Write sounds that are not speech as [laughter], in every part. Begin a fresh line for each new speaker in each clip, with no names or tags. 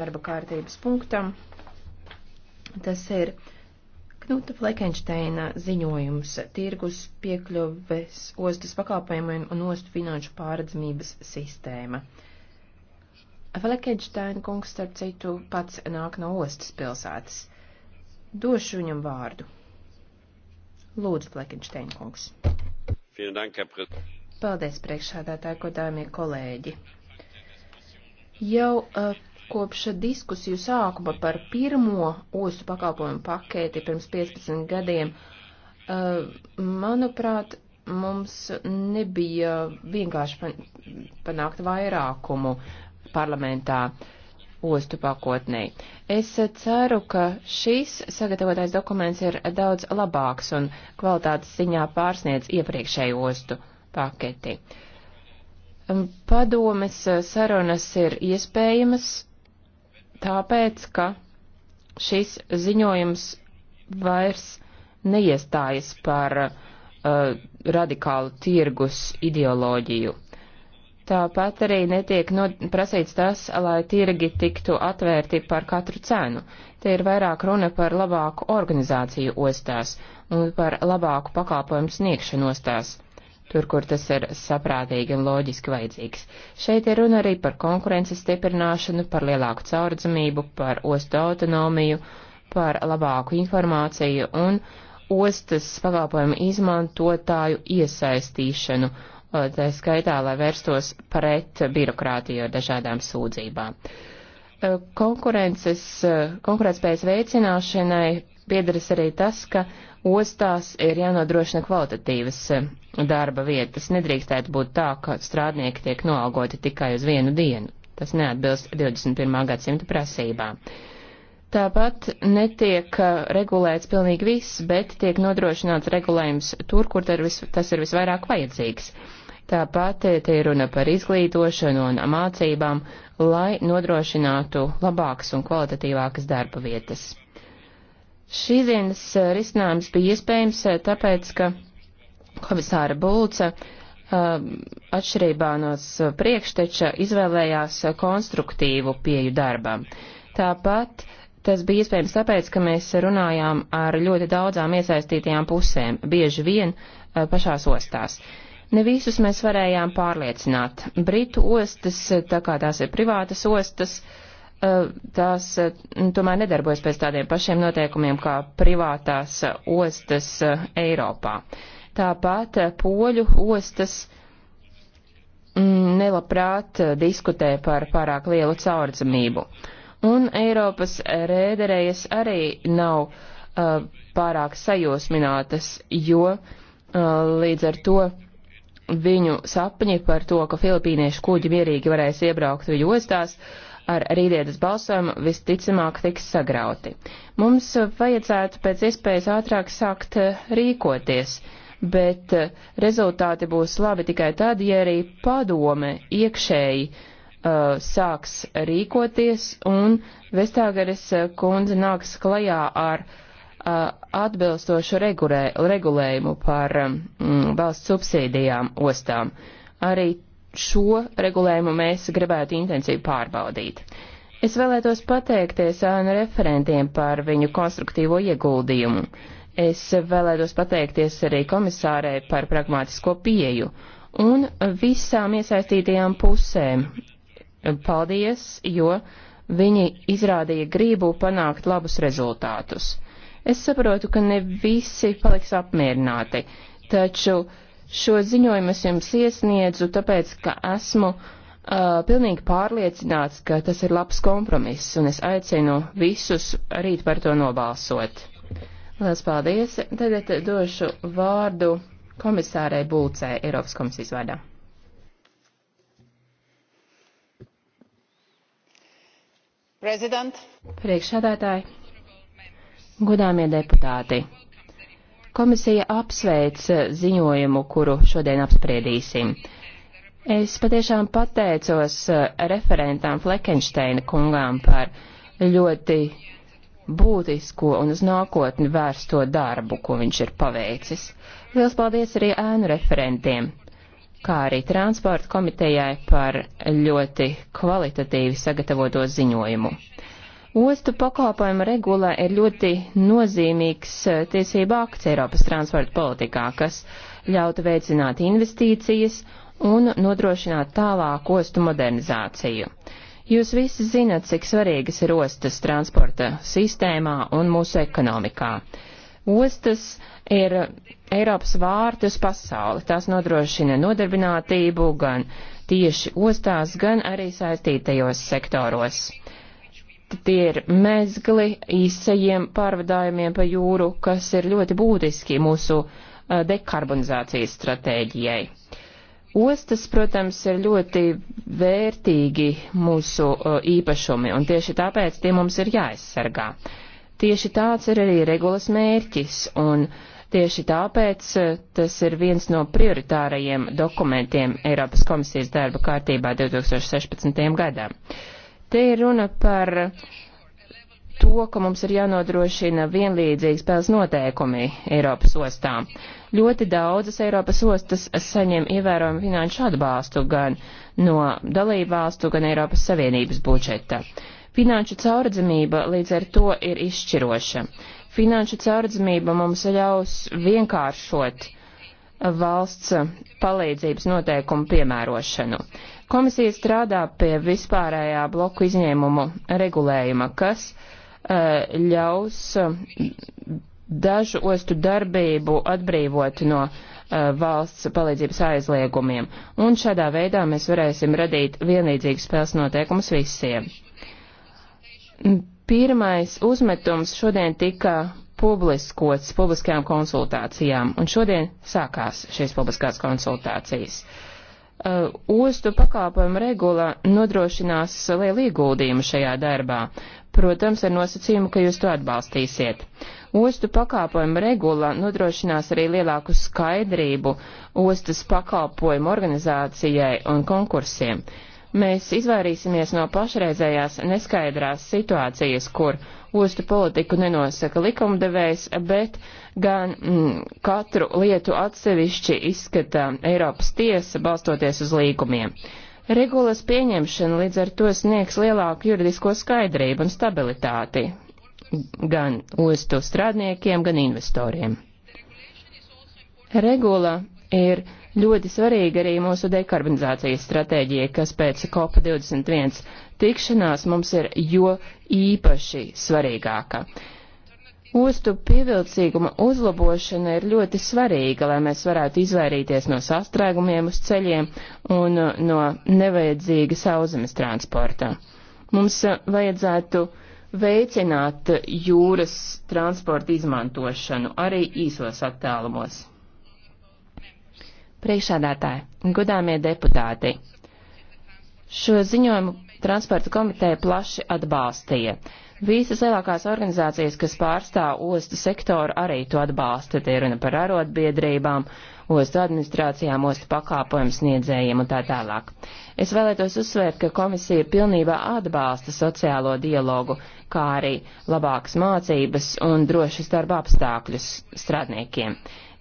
darba kārtības punktam. Tas ir Knuta Flekensteina ziņojums tirgus piekļuves ostas pakalpojumiem un ostu finanšu pārredzamības sistēma. Flekensteina kungs, starp citu, pats nāk no ostas pilsētas. Došu viņam vārdu. Lūdzu, Flekensteina kungs. Paldies, priekšādātāji, godājumie kolēģi. Jau uh, Kopš diskusiju sākuma par pirmo ostu pakalpojumu pakēti pirms 15 gadiem, eh, manuprāt, mums nebija vienkārši panākt vairākumu parlamentā ostu pakotnē. Es ceru, ka šis sagatavotais dokuments ir daudz labāks un kvalitātes ziņā pārsniedz iepriekšēju ostu paketi. Padomes sarunas ir iespējamas, tāpēc, ka šis ziņojums vairs neiestājas par uh, radikālu tirgus ideoloģiju. Tāpat arī netiek no, prasīts tas, lai tirgi tiktu atvērti par katru cenu. Te ir vairāk runa par labāku organizāciju ostās un par labāku pakalpojumu sniegšanu ostās tur, kur tas ir saprātīgi un loģiski vajadzīgs. Šeit ir runa arī par konkurences stiprināšanu, par lielāku caurdzamību, par ostu autonomiju, par labāku informāciju un ostas pakalpojumu izmantotāju iesaistīšanu, tā skaitā, lai vērstos pret birokrātiju ar dažādām sūdzībām. E, konkurences, e, konkurētspējas veicināšanai piedaras arī tas, ka ostās ir jānodrošina kvalitatīvas e, darba vietas. Nedrīkstētu būt tā, ka strādnieki tiek noalgoti tikai uz vienu dienu. Tas neatbilst 21. gadsimta prasībām. Tāpat netiek uh, regulēts pilnīgi viss, bet tiek nodrošināts regulējums tur, kur tas ir visvairāk vajadzīgs. Tāpat uh, te ir runa par izglītošanu un mācībām, lai nodrošinātu labākas un kvalitatīvākas darba vietas. Šīs dienas uh, risinājums bija iespējams tāpēc, ka komisāra Bulca um, atšķirībā no priekšteča izvēlējās konstruktīvu pieju darbam. Tāpat tas bija iespējams tāpēc, ka mēs runājām ar ļoti daudzām iesaistītajām pusēm, bieži vien uh, pašās ostās. Ne visus mēs varējām pārliecināt. Britu ostas, tā kā tās ir privātas ostas, uh, tās uh, tomēr nedarbojas pēc tādiem pašiem noteikumiem kā privātās ostas Eiropā. Uh, tāpat poļu ostas mm, nelabprāt diskutē par pārāk lielu caurdzamību. Un Eiropas rēderējas arī nav uh, pārāk sajosminātas, jo uh, līdz ar to viņu sapņi par to, ka filipīniešu kuģi mierīgi varēs iebraukt viņu ostās, ar rītdienas balsojumu visticamāk tiks sagrauti. Mums vajadzētu pēc iespējas ātrāk sākt uh, rīkoties. Uh, bet eh, rezultāti būs labi tikai tad, ja arī padome iekšēji uh, sāks rīkoties un Vestāgares eh, kundze nāks klajā ar uh, atbilstošu regulē, regulējumu par mm, valsts subsīdijām ostām. Arī šo regulējumu mēs gribētu intensīvi pārbaudīt. Es vēlētos pateikties ANU referentiem par viņu konstruktīvo ieguldījumu. Uh, Es vēlētos pateikties arī komisārei par pragmātisko pieju un visām iesaistītajām pusēm. Paldies, jo viņi izrādīja gribu panākt labus rezultātus. Es saprotu, ka ne visi paliks apmierināti, taču šo ziņojumu es jums iesniedzu, tāpēc, ka esmu uh, pilnīgi pārliecināts, ka tas ir labs kompromiss, un es aicinu visus rīt par to nobalsot. Lielas paldies. Tagad došu vārdu komisārai Bulcē Eiropas komisijas vārdā. Prezident. Priekšsādātāji, godāmie deputāti, komisija apsveic ziņojumu, kuru šodien apspriedīsim. Es patiešām pateicos referentām Fleckensteina kungām par ļoti būtisko un uz nākotni vērsto darbu, ko viņš ir paveicis. Liels paldies arī ēnu referentiem, kā arī transporta komitejai par ļoti kvalitatīvi sagatavoto ziņojumu. Ostu pakalpojuma regulā ir ļoti nozīmīgs eh, tiesība akts Eiropas transporta politikā, kas ļautu veicināt investīcijas un nodrošināt tālāku ostu modernizāciju. Jūs visi zinat, cik svarīgas ir ostas transporta sistēmā un mūsu ekonomikā. Ostas ir Eiropas vārti uz pasauli. Tās nodrošina nodarbinātību gan tieši ostās, gan arī saistītajos sektoros. Tie ir mezgli īsajiem pārvadājumiem pa jūru, kas ir ļoti būtiski mūsu eh, dekarbonizācijas stratēģijai. Ostas, protams, ir ļoti vērtīgi mūsu īpašumi, un tieši tāpēc tie mums ir jāaizsargā. Tieši tāds ir arī regulas mērķis, un tieši tāpēc tas ir viens no prioritārajiem dokumentiem Eiropas komisijas darba kārtībā 2016. gadam. Te ir runa par to, ka mums ir jānodrošina vienlīdzīgas spēles noteikumi Eiropas ostām. Ļoti daudzas Eiropas ostas saņem ievērojumu finanšu atbalstu gan no dalībvalstu, gan Eiropas Savienības budžeta. Finanšu caurredzamība līdz ar to ir izšķiroša. Finanšu caurredzamība mums ļaus vienkāršot valsts palīdzības noteikumu piemērošanu. Komisija strādā pie vispārējā bloku izņēmumu regulējuma, kas eh, ļaus dažu ostu darbību atbrīvot no uh, valsts palīdzības aizliegumiem, un šādā veidā mēs varēsim radīt vienlīdzīgas spēles noteikumus visiem. Pirmais uzmetums šodien tika publiskots publiskajām konsultācijām, un šodien sākās šīs publiskās konsultācijas. Uh, ostu pakāpojuma regula nodrošinās lielu ieguldījumu šajā darbā protams, ar nosacījumu, ka jūs to atbalstīsiet. Ostu pakāpojumu regula nodrošinās arī lielāku skaidrību ostas pakalpojumu organizācijai un konkursiem. Mēs izvairīsimies no pašreizējās neskaidrās situācijas, kur ostu politiku nenosaka likumdevējs, bet gan mm, katru lietu atsevišķi izskata Eiropas tiesa, balstoties uz līgumiem. Regulas pieņemšana līdz ar to sniegs lielāku juridisko skaidrību un stabilitāti gan ostu strādniekiem, gan investoriem. Regula ir ļoti svarīga arī mūsu dekarbonizācijas stratēģija, kas pēc COP21 tikšanās mums ir jo īpaši svarīgāka. Ostu pievilcīguma uzlabošana ir ļoti svarīga, lai mēs varētu izvairīties no sastrēgumiem uz ceļiem un uh, no nevajadzīga sauzemes transportā. Mums uh, vajadzētu veicināt jūras transporta izmantošanu arī īsos attālumos. Priekšādātāji, godāmie deputāti, šo ziņojumu transporta komiteja plaši atbalstīja. Visas lielākās organizācijas, kas pārstāv ostu sektoru, arī to atbalsta. Te runa par arotbiedrībām, ostu administrācijām, ostu pakāpojumu sniedzējiem un tā tālāk. Es vēlētos uzsvērt, ka komisija pilnībā atbalsta sociālo dialogu, kā arī labākas mācības un drošas darba apstākļus strādniekiem.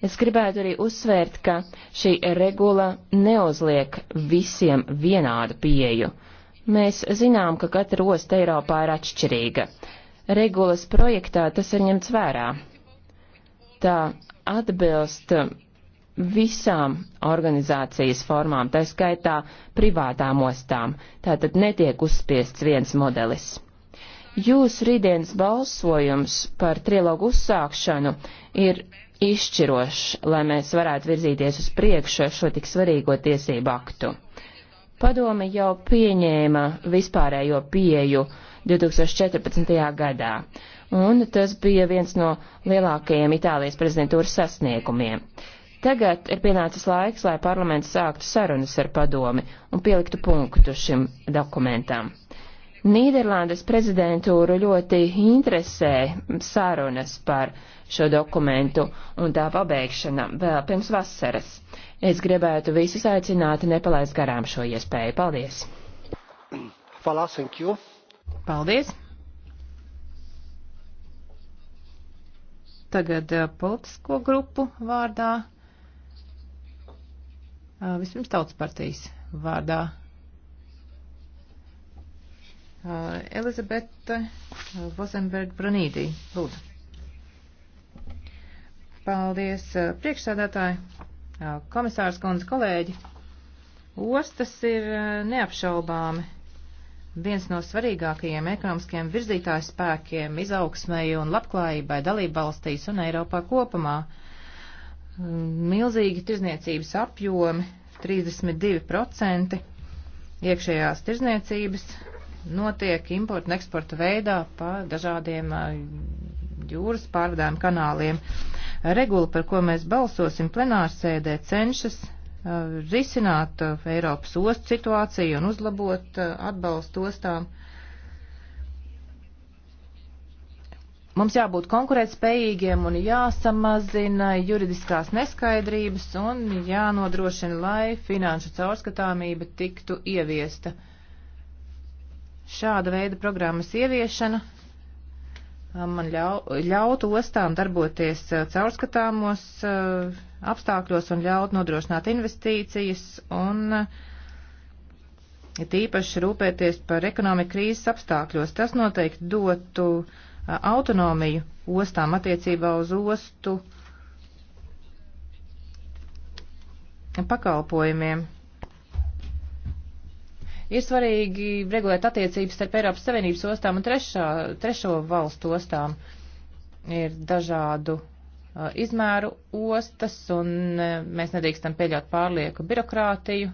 Es gribētu arī uzsvērt, ka šī regula neuzliek visiem vienādu pieju Mēs zinām, ka katra osta Eiropā ir atšķirīga. Regulas projektā tas ir ņemts vērā. Tā atbilst visām organizācijas formām, tā skaitā privātām ostām. Tātad netiek uzspiests viens modelis. Jūsu rītdienas balsojums par trilogu uzsākšanu ir izšķirošs, lai mēs varētu virzīties uz priekšu ar šo tik svarīgo tiesību aktu. Padome jau pieņēma vispārējo pieju 2014. gadā, un tas bija viens no lielākajiem Itālijas prezidentūras sasniegumiem. Tagad ir pienācis laiks, lai parlaments sāktu sarunas ar padomi un pieliktu punktu šim dokumentam. Nīderlandes prezidentūru ļoti interesē sarunas par šo dokumentu un tā pabeigšana vēl pirms vasaras. Es gribētu visus aicināt nepalaist garām šo iespēju. Paldies! Paldies!
Tagad eh, politisko grupu vārdā. Eh, vispirms tautas partijas vārdā. Eh, Elizabete Vozenberg Branīdī, lūdzu. Paldies, uh, priekšsēdētāji, uh, komisārs kundze, kolēģi. Ostas ir uh, neapšaubāmi viens no svarīgākajiem ekonomiskajiem virzītāju spēkiem izaugsmēji un labklājībai dalību valstīs un Eiropā kopumā. Mm, milzīgi tirzniecības apjomi 32% iekšējās tirzniecības notiek importu un eksporta veidā pa dažādiem jūras pārvadājumu kanāliem. Regula, par ko mēs balsosim plenārsēdē, cenšas uh, risināt uh, Eiropas ostu situāciju un uzlabot uh, atbalstu ostām. Mums jābūt konkurētspējīgiem un jāsamazina juridiskās neskaidrības un jānodrošina, lai finanšu caurskatāmība tiktu ieviesta. Šāda veida programmas ieviešana Uh, man ļau, ļautu ostām darboties uh, caurskatāmos uh, apstākļos un ļaut nodrošināt investīcijas un tīpaši rūpēties par ekonomiku krīzes apstākļos. Tas noteikti dotu autonomiju ostām attiecībā uz ostu pakalpojumiem. Ir svarīgi regulēt attiecības starp Eiropas Savienības ostām un trešā, trešo valstu ostām. Ir dažādu uh, izmēru ostas, un uh, mēs nedrīkstam pieļaut pārlieku birokrātiju.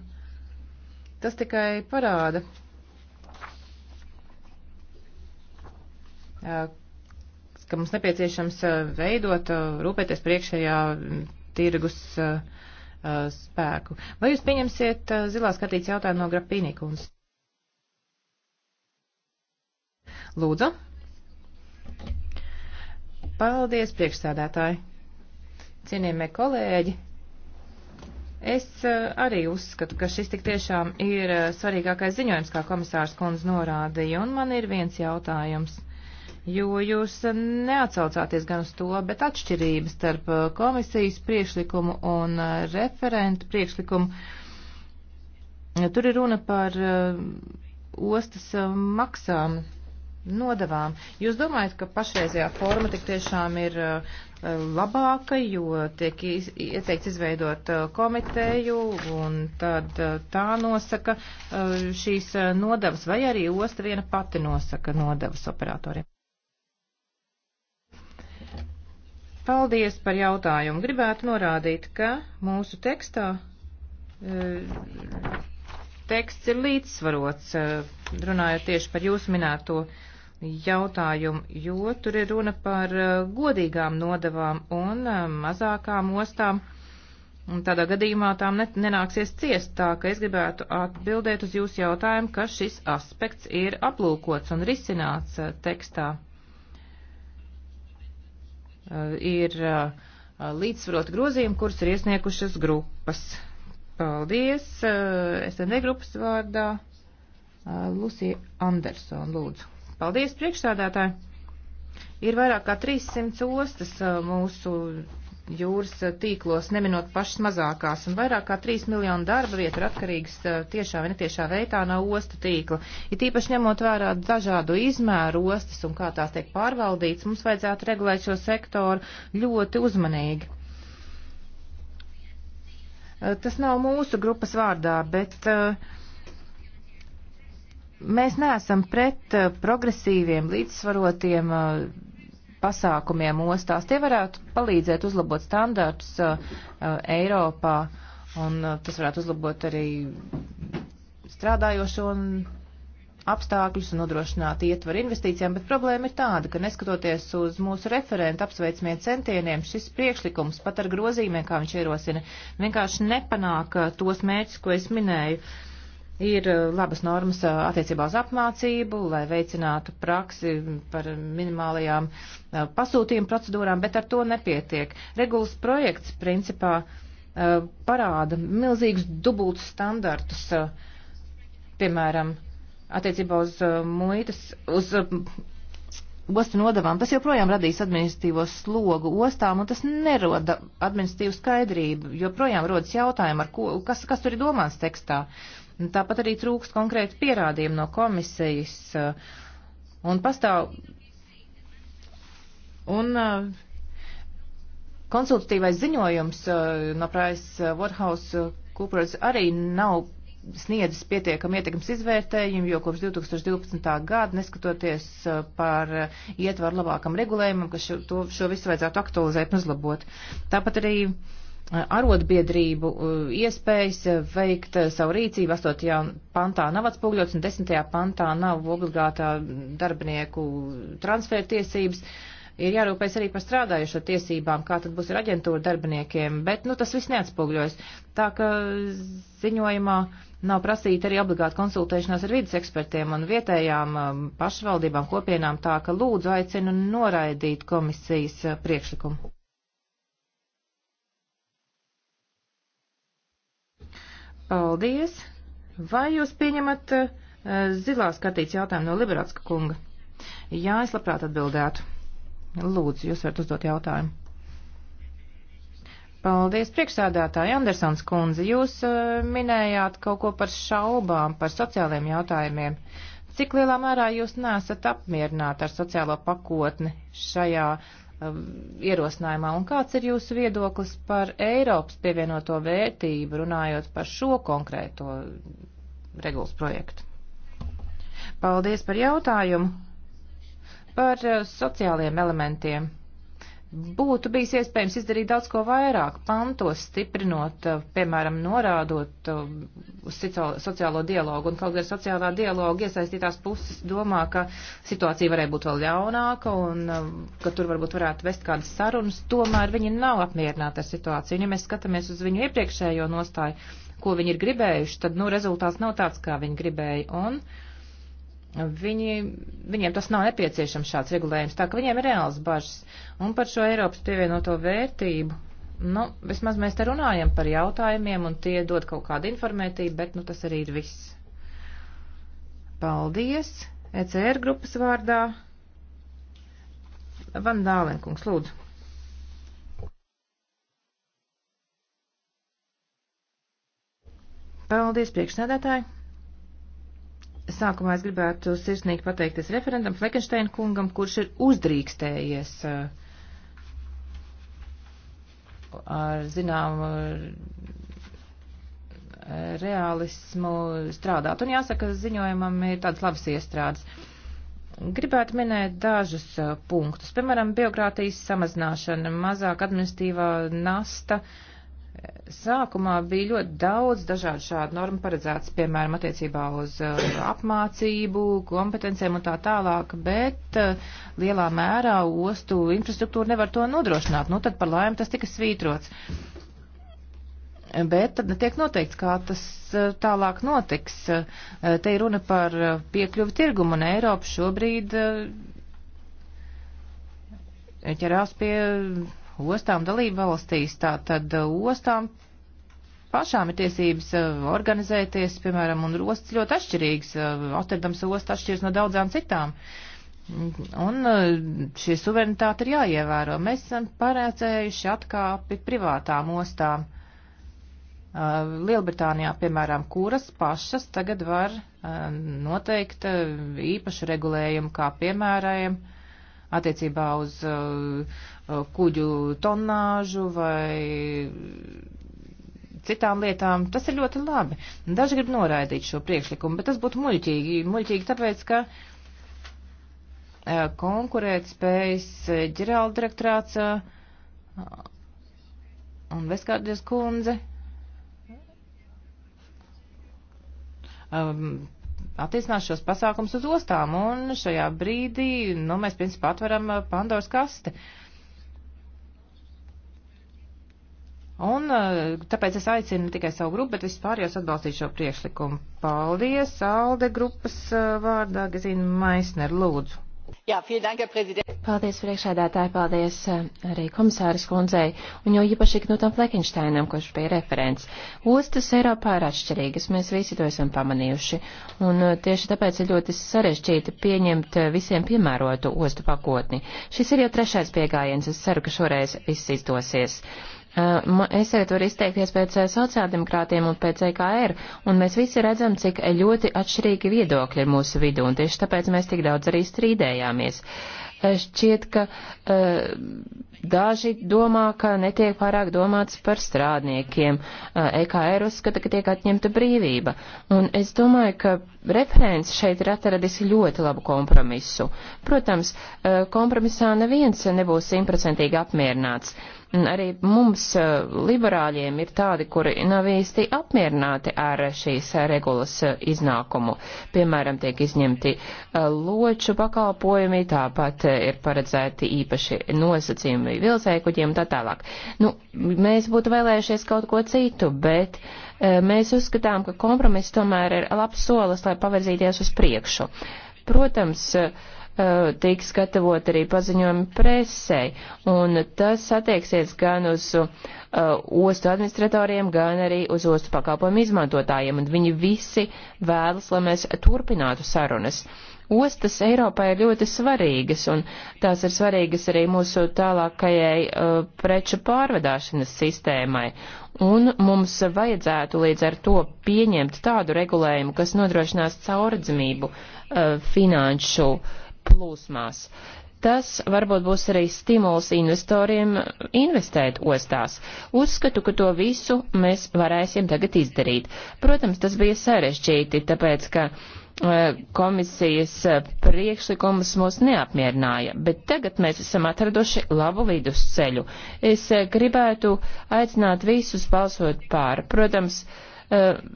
Tas tikai parāda, uh, ka mums nepieciešams uh, veidot, uh, rūpēties priekšējā mm, tirgus uh, Uh, spēku. Vai jūs pieņemsiet uh, zilās kartītes jautājumu no Grapīnikunas? Lūdzu. Paldies, priekšsēdētāji. Cienījamie kolēģi, es uh, arī uzskatu, ka šis tik tiešām ir svarīgākais ziņojums, kā komisārs kundze norādīja, un man ir viens jautājums jo jūs neatsaucāties gan uz to, bet atšķirības starp uh, komisijas priekšlikumu un uh, referentu priekšlikumu. Tur ir runa par uh, ostas maksām nodavām. Jūs domājat, ka pašreizējā forma tik tiešām ir labāka, jo tiek ieteikts izveidot komiteju un tad tā nosaka šīs nodavas vai arī osta viena pati nosaka nodavas operatoriem? Paldies par jautājumu. Gribētu norādīt, ka mūsu tekstā eh, teksts ir līdzsvarots, eh, runājot tieši par jūsu minēto jautājumu, jo tur ir runa par eh, godīgām nodavām un mazākām ostām. Un tādā gadījumā tām nenāksies ciest, tā ka es gribētu atbildēt uz jūsu jautājumu, ka šis aspekts ir aplūkots un risināts tekstā. Eh, ir eh, līdzsvarot grozījumu, kurus ir iesniegušas grupas. Paldies! Eh, SND grupas vārdā Lucija Andersona lūdzu. Paldies priekšstādātāji! Ir vairāk kā 300 ostas mūsu jūras eh, tīklos, neminot pašas mazākās, un vairāk kā 3 miljonu darba vietu ir atkarīgs eh, tiešā vai netiešā veidā no ostu tīkla. Ir tīpaši ņemot vērā dažādu izmēru ostas un kā tās tiek pārvaldīts, mums vajadzētu regulēt šo sektoru ļoti uzmanīgi. Eh, tas nav mūsu grupas vārdā, bet uh, mēs neesam pret progresīviem, līdzsvarotiem pasākumiem ostās. Tie varētu palīdzēt uzlabot standārtus uh, uh, Eiropā, un uh, tas varētu uzlabot arī strādājošo un apstākļus un nodrošināt ietvaru investīcijām, bet problēma ir tāda, ka neskatoties uz mūsu referentu apsveicamiem centieniem, šis priekšlikums pat ar grozīmiem, kā viņš ierosina, vienkārši nepanāk tos mērķus, ko es minēju. Uh, ir eh, labas normas eh, attiecībā uz apmācību, lai veicinātu praksi par minimālajām eh, pasūtījuma procedūrām, bet ar to nepietiek. Regulas projekts principā parāda milzīgus dubultus standartus, piemēram, attiecībā uz muitas, uz ostu nodavām. Tas joprojām radīs administratīvo slogu ostām, un tas neroda administratīvu skaidrību, joprojām rodas jautājumi, ko, kas, kas tur ir domāts tekstā. Uh, Tāpat arī trūkst konkrēti pierādījumi no komisijas uh, un pastāv. Un uh, konsultatīvais ziņojums uh, no Price Waterhouse Coopers arī nav sniedzis pietiekami ietekmes izvērtējumu, jo kopš 2012. gada, neskatoties par ietvaru labākam regulējumam, ka šo, to, šo visu vajadzētu aktualizēt un uzlabot. Tāpat arī uh, arotbiedrību iespējas veikt savu rīcību. 8. pantā nav atspūgļots un 10. pantā nav obligātā darbinieku transfertiesības. Ir jārūpēs arī par strādājušo tiesībām, kā tad būs ar aģentūru darbiniekiem, bet, nu, tas viss neatspūgļojas. Tā ka ziņojumā nav prasīta arī obligāta konsultēšanās ar vidas ekspertiem un vietējām um, pašvaldībām, kopienām, tā ka lūdzu aicinu noraidīt komisijas uh, priekšlikumu. Paldies! Vai jūs pieņemat uh, zilā skatīts jautājumu no Liberatska kunga? Jā, es labprāt atbildētu. Lūdzu, jūs varat uzdot jautājumu. Paldies, priekšsādātāji Andersons kundze. Jūs uh, minējāt kaut ko par šaubām, par sociāliem jautājumiem. Cik lielā mērā jūs nesat apmierināti ar sociālo pakotni šajā Um, ierosinājumā. Un kāds ir jūsu viedoklis par Eiropas pievienoto vērtību, runājot par šo konkrēto regulas projektu? Paldies par jautājumu par uh, sociālajiem elementiem būtu bijis iespējams izdarīt daudz ko vairāk, pantos stiprinot, eh, piemēram, norādot eh, uz sociālo dialogu, un kaut gan sociālā dialoga iesaistītās puses domā, ka situācija varēja būt vēl ļaunāka, un eh, ka tur varbūt varētu vest kādas sarunas, tomēr viņi nav apmierināti ar situāciju, un ja mēs skatāmies uz viņu iepriekšējo nostāju, ko viņi ir gribējuši, tad, nu, rezultāts nav tāds, kā viņi gribēja, un. Uh, Viņi, viņiem tas nav nepieciešams šāds regulējums, tā ka viņiem ir reāls bažas. Un par šo Eiropas pievienoto vērtību, nu, vismaz mēs te runājam par jautājumiem, un tie dod kaut kādu informētību, bet, nu, tas arī ir viss. Paldies! ECR grupas vārdā. Van Dālenkungs, lūdzu. Paldies, priekšsēdētāji! Sākumā es gribētu sirsnīgi pateikties referendam Fleckensteina kungam, kurš ir uzdrīkstējies uh, ar zināmu uh, realismu strādāt. Un jāsaka, ziņojumam ir tādas labas iestrādes. Gribētu minēt dažus uh, punktus, piemēram, biokrātijas samazināšana, mazāk administīvā nasta, uh, Sākumā bija ļoti daudz dažādu šādu normu paredzētas, piemēram, attiecībā uz uh, apmācību, kompetencijām un tā tālāk, bet uh, lielā mērā ostu infrastruktūra nevar to nodrošināt. Nu, tad par laimi tas tika svītrots. Bet tad netiek noteikts, kā tas uh, tālāk notiks. Te ir runa par piekļuvu tirgumu, un Eiropa šobrīd ķerās pie ostām dalība valstīs. Tātad uh, ostām pašām ir tiesības uh, organizēties, piemēram, un ostas ļoti atšķirīgas. Rotterdams uh, ostas atšķiras no daudzām citām. Un šī suverenitāte ir jāievēro. Mēs esam paredzējuši atkāpi privātām ostām. Lielbritānijā, piemēram, kuras pašas tagad var noteikt īpašu regulējumu, kā piemēram, attiecībā uz Uh, kuģu tonāžu vai citām lietām, tas ir ļoti labi. Daži grib noraidīt šo priekšlikumu, bet tas būtu muļķīgi. Muļķīgi tāpēc, ka uh, konkurētspējas ģenerāldirektorāts uh, un Veskārdies kundze um, attiecinās šos pasākums uz ostām, un šajā brīdī, nu, mēs principā atveram Pandoras kasti. Uh, Un eh, tāpēc es aicinu ne tikai savu grupu, bet vispār jūs atbalstīt šo priekšlikumu. Paldies, Alde grupas eh, vārdā, Gazina Maisner, lūdzu. Jā, dank,
paldies priekšēdētāji, paldies eh, arī komisāras kundzei un jau īpaši Knutam Flekinšteinam, kurš bija referents. Ostas Eiropā ir atšķirīgas, mēs visi to esam pamanījuši. Un tieši tāpēc ir ļoti sarežģīti pieņemt visiem piemērotu ostu pakotni. Šis ir jau trešais piegājiens, es ceru, ka šoreiz viss izdosies. Eh, es arī varu izteikties pēc eh, sociāldemokrātiem un pēc EKR, un mēs visi redzam, cik eh, ļoti atšķirīgi viedokļi ir mūsu vidū, un tieši tāpēc mēs tik daudz arī strīdējāmies. Šķiet, ka daži domā, ka netiek pārāk domāts par strādniekiem. EKR e uzskata, ka tiek atņemta brīvība. Un es domāju, ka referents šeit ir atradis ļoti labu kompromisu. Protams, kompromisā neviens nebūs simtprocentīgi apmierināts Arī mums, eh, liberāļiem, ir tādi, kuri nav īsti apmierināti ar šīs eh, regulas eh, iznākumu. Piemēram, tiek izņemti loču pakalpojumi, tāpat ir paredzēti īpaši nosacījumi vilcēkuģiem un tā tālāk. Nu, mēs būtu vēlējušies kaut ko citu, bet mēs uzskatām, ka kompromiss tomēr ir labs solis, lai pavirzīties uz priekšu. Protams, uh, Eh, tiks gatavot arī paziņojumi presē, un tas attieksies gan uz uh, ostu administratoriem, gan arī uz ostu pakalpojumu izmantotājiem, un viņi visi vēlas, lai mēs turpinātu sarunas. Ostas Eiropā ir ļoti svarīgas, un tās ir svarīgas arī mūsu tālākajai uh, preču pārvedāšanas sistēmai. Un mums vajadzētu līdz ar to pieņemt tādu regulējumu, kas nodrošinās caurdzamību uh, finanšu uh, plūsmās. Tas varbūt būs arī stimuls investoriem investēt ostās. Uzskatu, ka to visu mēs varēsim tagad izdarīt. Protams, tas bija sarežģīti, tāpēc, ka eh, komisijas eh, priekšlikumus mūs neapmierināja, bet tagad mēs esam atraduši labu vidusceļu. Es eh, gribētu aicināt visus balsot pār. Protams,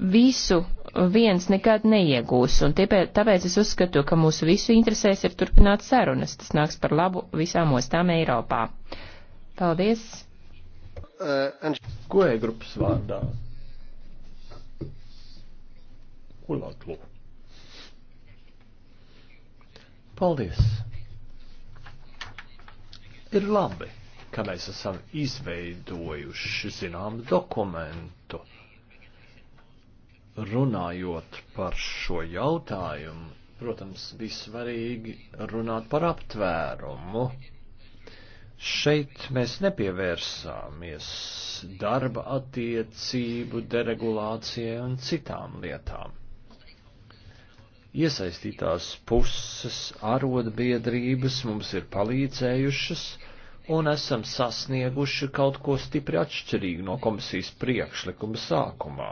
visu viens nekad neiegūs, un tiepēc, tāpēc es uzskatu, ka mūsu visu interesēs ir turpināt sarunas. Tas nāks par labu visām ostām Eiropā. Paldies!
Uh, Ko ir e grupas vārdā? Ulaklu. Paldies! Ir labi, ka mēs esam izveidojuši zinām dokumentu runājot par šo jautājumu, protams, bija svarīgi runāt par aptvērumu. Šeit mēs nepievērsāmies darba attiecību deregulācijai un citām lietām. Iesaistītās puses arodbiedrības mums ir palīdzējušas un esam sasnieguši kaut ko stipri atšķirīgu no komisijas priekšlikuma sākumā.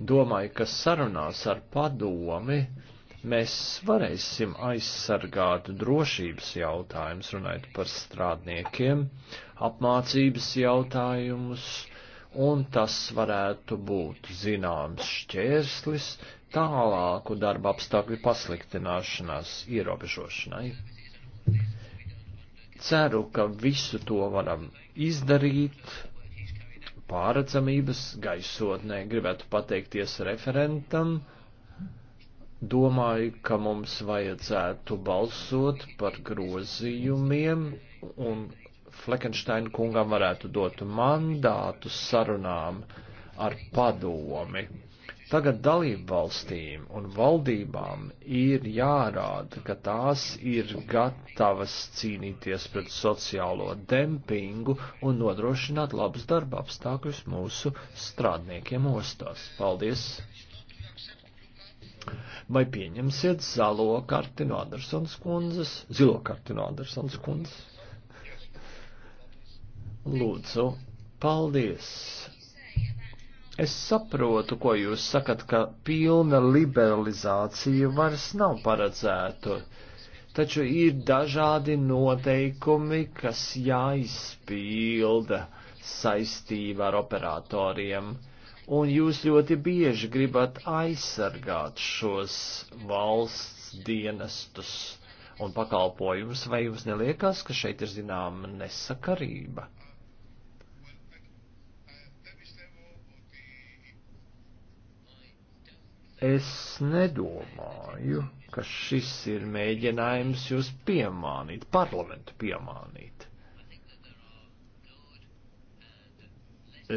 Domāju, ka sarunās ar padomi mēs varēsim aizsargāt drošības jautājumus, runājot par strādniekiem, apmācības jautājumus, un tas varētu būt zināms šķērslis tālāku darba apstākļu pasliktināšanās ierobežošanai. Ceru, ka visu to varam izdarīt pārredzamības gaisotnē. Gribētu pateikties referentam. Domāju, ka mums vajadzētu balsot par grozījumiem un Fleckensteina kungam varētu dot mandātu sarunām ar padomi. Tagad dalību valstīm un valdībām ir jārāda, ka tās ir gatavas cīnīties pret sociālo dempingu un nodrošināt labus darba apstākļus mūsu strādniekiem ostās. Paldies! Vai pieņemsiet zilo karti no Andersons kundzes? Zilo karti no Andersons kundzes? Lūdzu, paldies! Es saprotu, ko jūs sakat, ka pilna liberalizācija vairs nav paredzēta, taču ir dažādi noteikumi, kas jāizpilda saistībā ar operatoriem un jūs ļoti bieži gribat aizsargāt šos valsts dienestus un pakalpojumus, vai jums neliekas, ka šeit ir zināma nesakarība? Es nedomāju, ka šis ir mēģinājums jūs piemānīt, parlamentu piemānīt.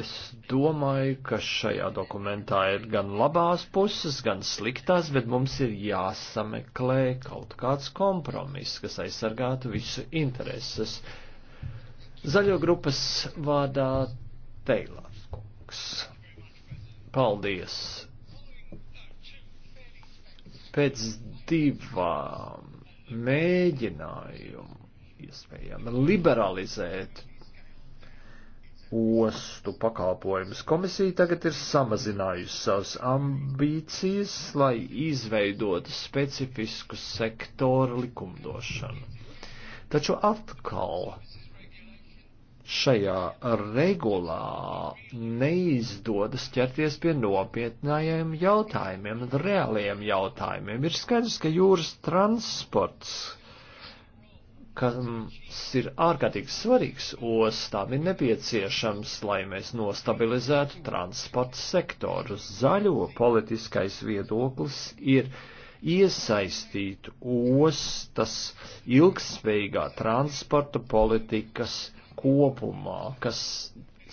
Es domāju, ka šajā dokumentā ir gan labās puses, gan sliktās, bet mums ir jāsameklē kaut kāds kompromiss, kas aizsargātu visu intereses. Zaļo grupas vārdā Teilārs kungs. Paldies, pēc divām mēģinājumu iespējami liberalizēt ostu pakalpojumus. Komisija tagad ir samazinājusi savas ambīcijas, lai izveidotu specifisku sektoru likumdošanu. Taču atkal šajā regulā neizdodas ķerties pie nopietnējiem jautājumiem, reāliem jautājumiem. Ir skaidrs, ka jūras transports, kas ir ārkārtīgi svarīgs ostām, ir nepieciešams, lai mēs nostabilizētu transporta sektoru. Zaļo politiskais viedoklis ir iesaistīt ostas ilgspējīgā transporta politikas kopumā, kas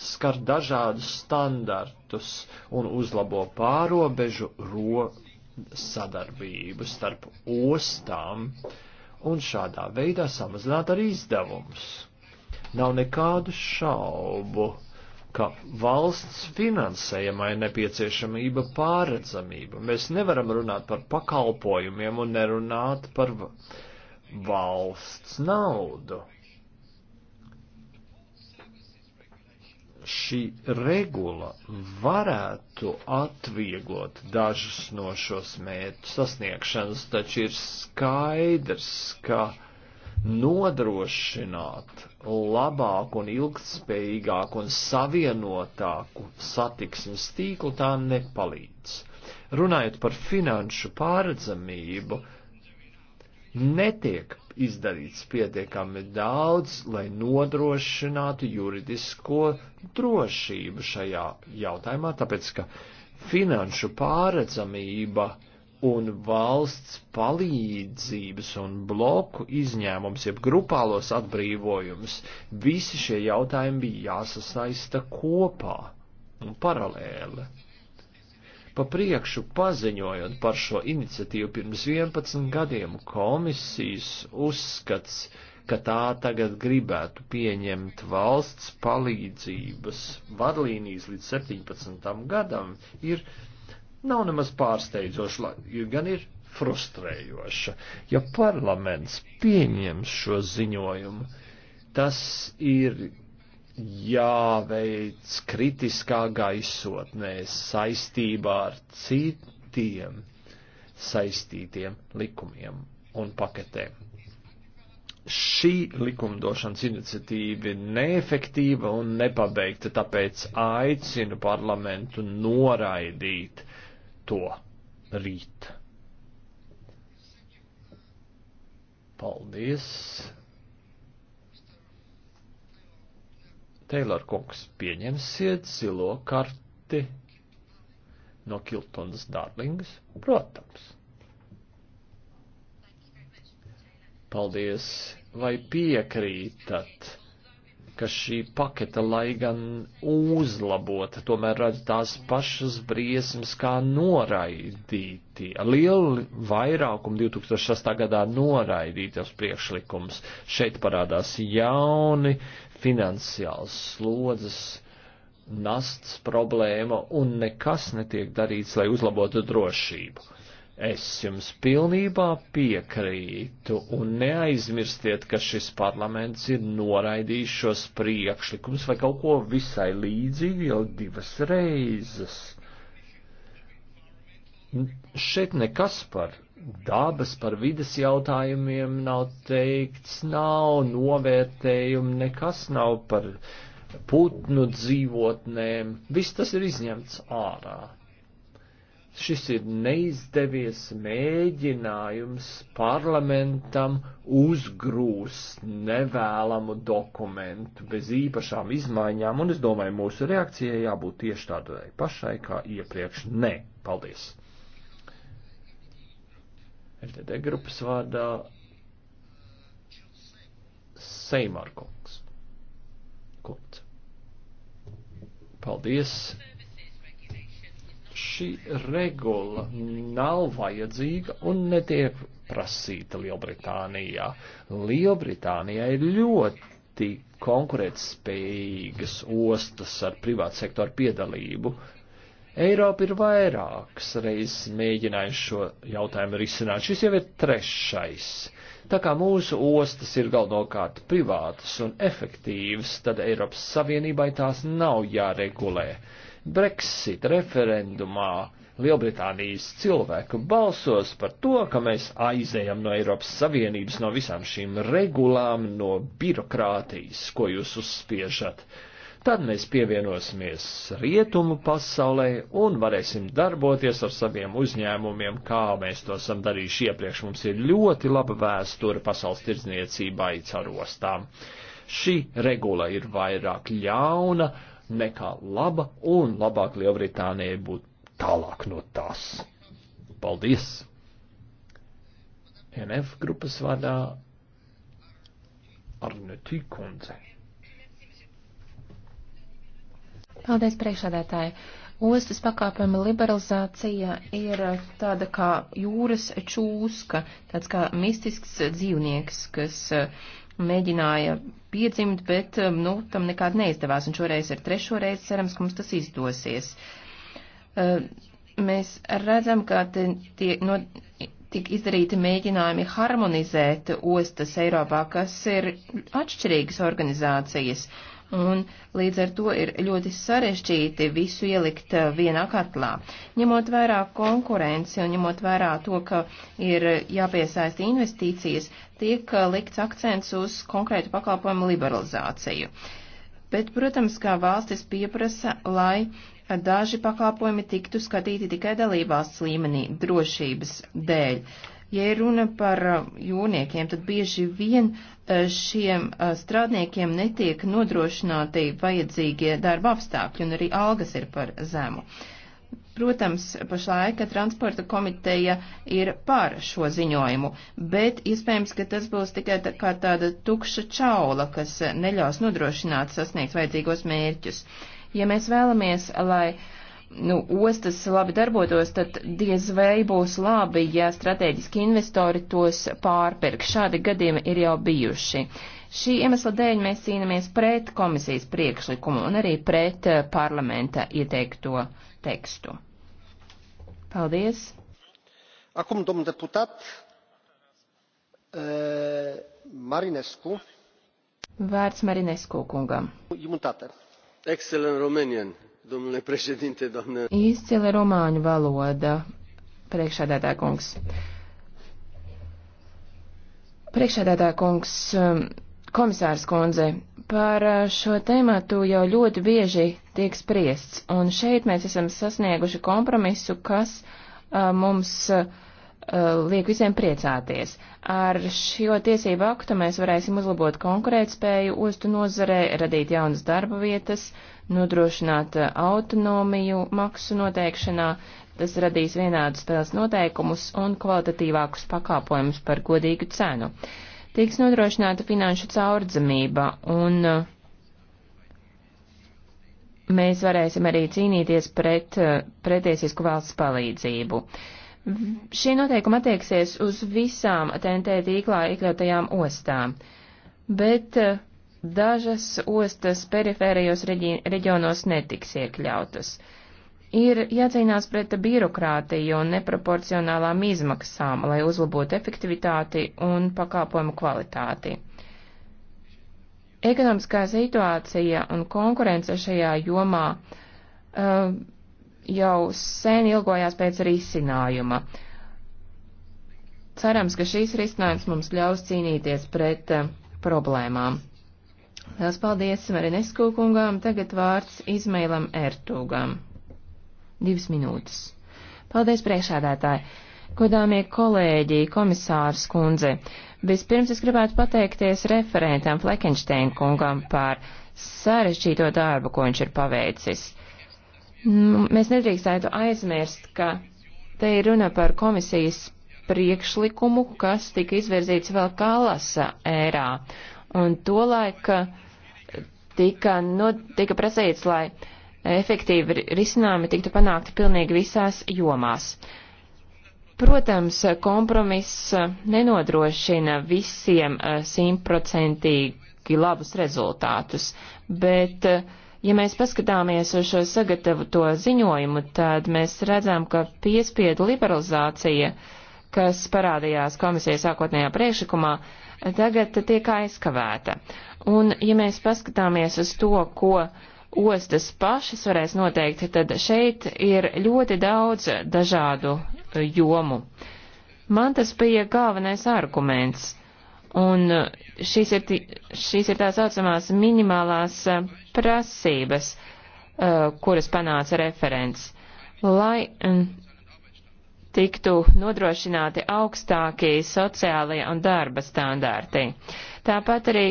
skar dažādus standartus un uzlabo pārobežu ro sadarbību starp ostām un šādā veidā samazināt arī izdevumus. Nav nekādu šaubu, ka valsts finansējumai nepieciešamība pārredzamība. Mēs nevaram runāt par pakalpojumiem un nerunāt par valsts naudu. šī regula varētu atvieglot dažus no šos mērķu sasniegšanas, taču ir skaidrs, ka nodrošināt labāku un ilgtspējīgāku un savienotāku satiksmes tīklu tā nepalīdz. Runājot par finanšu pārredzamību, netiek izdarīts pietiekami daudz, lai nodrošinātu juridisko drošību šajā jautājumā, tāpēc ka finanšu pārredzamība un valsts palīdzības un bloku izņēmums, jeb grupālos atbrīvojums, visi šie jautājumi bija jāsasaista kopā un paralēli pa priekšu paziņojot par šo iniciatīvu pirms 11 gadiem komisijas uzskats, ka tā tagad gribētu pieņemt valsts palīdzības vadlīnijas līdz 17. gadam, ir nav nemaz pārsteidzoši, gan ir frustrējoša. Ja parlaments pieņems šo ziņojumu, tas ir jāveic kritiskā gaisotnē saistībā ar citiem saistītiem likumiem un paketēm. Šī likumdošanas iniciatīva ir neefektīva un nepabeigta, tāpēc aicinu parlamentu noraidīt to rīt. Paldies! Teilor kungs, pieņemsiet zilo karti no Kiltonas Dārlingas? Protams. Paldies, vai piekrītat, ka šī paketa, lai gan uzlabota, tomēr redz tās pašas briesmas, kā noraidīti. Lielu vairākumu 2006. gadā noraidītos priekšlikums. Šeit parādās jauni finansiāls slodzes, nasts problēma un nekas netiek darīts, lai uzlabotu drošību. Es jums pilnībā piekrītu un neaizmirstiet, ka šis parlaments ir noraidījis šos priekšlikumus vai kaut ko visai līdzīgu jau divas reizes. Šeit nekas par dabas, par vidas jautājumiem nav teikts, nav novērtējumu, nekas nav par putnu dzīvotnēm. Viss tas ir izņemts ārā. Šis ir neizdevies mēģinājums parlamentam uzgrūst nevēlamu dokumentu bez īpašām izmaiņām, un es domāju, mūsu reakcijai jābūt tieši tādai pašai kā iepriekš. Nē, paldies! LTD grupas vārdā Seimārkungs. Kungs. Paldies. Šī regula nav vajadzīga un netiek prasīta Lielbritānijā. Lielbritānijā ir ļoti konkurētspējīgas ostas ar privātu sektoru piedalību, Eiropa ir vairākas reizes mēģinājusi šo jautājumu risināt. Šis jau ir trešais. Tā kā mūsu ostas ir galvenokārt privātas un efektīvas, tad Eiropas Savienībai tās nav jāregulē. Brexit referendumā Lielbritānijas cilvēku balsos par to, ka mēs aizējam no Eiropas Savienības, no visām šīm regulām, no birokrātijas, ko jūs uzspiežat. Uh, Tad mēs pievienosimies rietumu pasaulē un varēsim darboties ar saviem uzņēmumiem, kā mēs to esam darījuši iepriekš. Mums ir ļoti laba vēsture pasaules tirdzniecībai caur ostām. Šī regula ir vairāk ļauna nekā laba, un labāk Lielbritānijai būtu tālāk no tās. Paldies! NF grupas vadā Arne Tīkundze.
Paldies, priekšādētāji. Ostas pakāpojuma liberalizācija ir tāda kā jūras čūska, tāds kā mistisks dzīvnieks, kas uh, mēģināja piedzimt, bet, um, nu, tam nekād neizdevās, un šoreiz ir trešo reizi, cerams, ka mums tas izdosies. Uh, mēs redzam, ka tie, no, tika izdarīti mēģinājumi harmonizēt ostas Eiropā, kas ir atšķirīgas organizācijas un līdz ar to ir ļoti sarežģīti visu ielikt eh, vienā katlā. Ņemot vērā konkurenci un ņemot vērā to, ka ir jāpiesaista investīcijas, tiek eh, likts akcents uz konkrētu pakalpojumu liberalizāciju. Bet, protams, kā valstis pieprasa, lai daži pakalpojumi tiktu skatīti tikai dalībvalsts līmenī drošības dēļ. Ja ir runa par eh, jūrniekiem, tad bieži vien šiem strādniekiem netiek nodrošināti vajadzīgie darba apstākļi un arī algas ir par zemu. Protams, pašlaika transporta komiteja ir par šo ziņojumu, bet iespējams, ka tas būs tikai tā kā tāda tukša čaula, kas neļaus nodrošināt sasniegt vajadzīgos mērķus. Ja mēs vēlamies, lai uh, nu, ostas labi darbotos, tad diez vai būs labi, ja strateģiski investori tos pārpirk. Šādi gadījumi ir jau bijuši. Šī iemesla dēļ mēs cīnāmies pret komisijas priekšlikumu un arī pret eh, parlamenta ieteikto tekstu. Paldies.
Acum, domnul deputat eh, Marinescu.
Vārds Marinescu kungam.
Imunitāte domnule președinte doamnă. izcila
romāņu valoda priekšsēdētāja kungs. Priekšsēdētāja kungs, um, komisārs kundze, par uh, šo tēmatu jau ļoti bieži tiek spriests, un šeit mēs esam sasnieguši kompromisu, kas uh, mums uh, Eh, liek visiem priecāties. Ar šo tiesību aktu mēs varēsim uzlabot konkurētspēju ostu nozarē, radīt jaunas darba vietas, nodrošināt eh, autonomiju maksu noteikšanā. Tas radīs vienādus spēles noteikumus un kvalitatīvākus pakāpojumus par godīgu cenu. Tiks nodrošināta finanšu caurdzamība un eh, mēs varēsim arī cīnīties pret pretiesisku valsts palīdzību. Uh, Šie noteikumi attieksies uz visām TNT tīklā iekļautajām ostām, bet eh, dažas ostas perifērajos reģi reģionos netiks iekļautas. Ir jācīnās pret birokrātiju un neproporcionālām izmaksām, lai uzlabotu efektivitāti un pakāpojumu kvalitāti. Ekonomiskā situācija un konkurence šajā jomā uh, jau sen ilgojās pēc risinājuma. Cerams, ka šīs risinājums mums ļaus cīnīties pret uh, problēmām. Lielas paldies Marinesku kungām, tagad vārds Izmailam Ertūgam. Divas minūtes. Paldies priekšādātāji. Godāmie kolēģi, komisārs kundze, vispirms es gribētu pateikties referentam Fleckenstein kungam par sarežģīto darbu, ko viņš ir paveicis. Mēs nedrīkstētu aizmirst, ka te ir runa par komisijas priekšlikumu, kas tika izvirzīts vēl Kalasa ērā. Un tolaik eh, tika, no, tika prasīts, lai efektīvi risinājumi tiktu panākti pilnīgi visās jomās. Protams, kompromiss eh, nenodrošina visiem eh, simtprocentīgi labus rezultātus, bet uh, Ja mēs paskatāmies uz šo sagatavoto ziņojumu, tad mēs redzam, ka piespiedu liberalizācija, kas parādījās komisijas sākotnējā priekšlikumā, tagad tiek aizkavēta. Un, ja mēs paskatāmies uz to, ko ostas pašas varēs noteikt, tad šeit ir ļoti daudz dažādu jomu. Man tas bija galvenais arguments Un uh, šīs ir, šīs ir tā saucamās minimālās uh, prasības, uh, kuras panāca referents, lai um, tiktu nodrošināti augstākie sociālie un darba standārti. Tāpat arī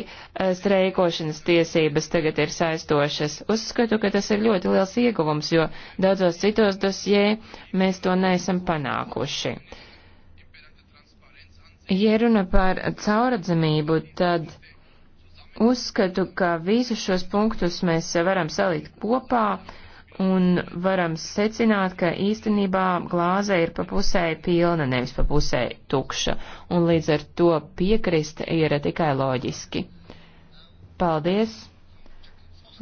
streikošanas tiesības tagad ir saistošas. Uzskatu, ka tas ir ļoti liels ieguvums, jo daudzos citos dosjē mēs to neesam panākuši. Uh, Ja runa par cauradzamību, tad uzskatu, ka visus šos punktus mēs varam salikt kopā un varam secināt, ka īstenībā glāze ir pa pusē pilna, nevis pa pusē tukša, un līdz ar to piekrist ir tikai loģiski. Paldies!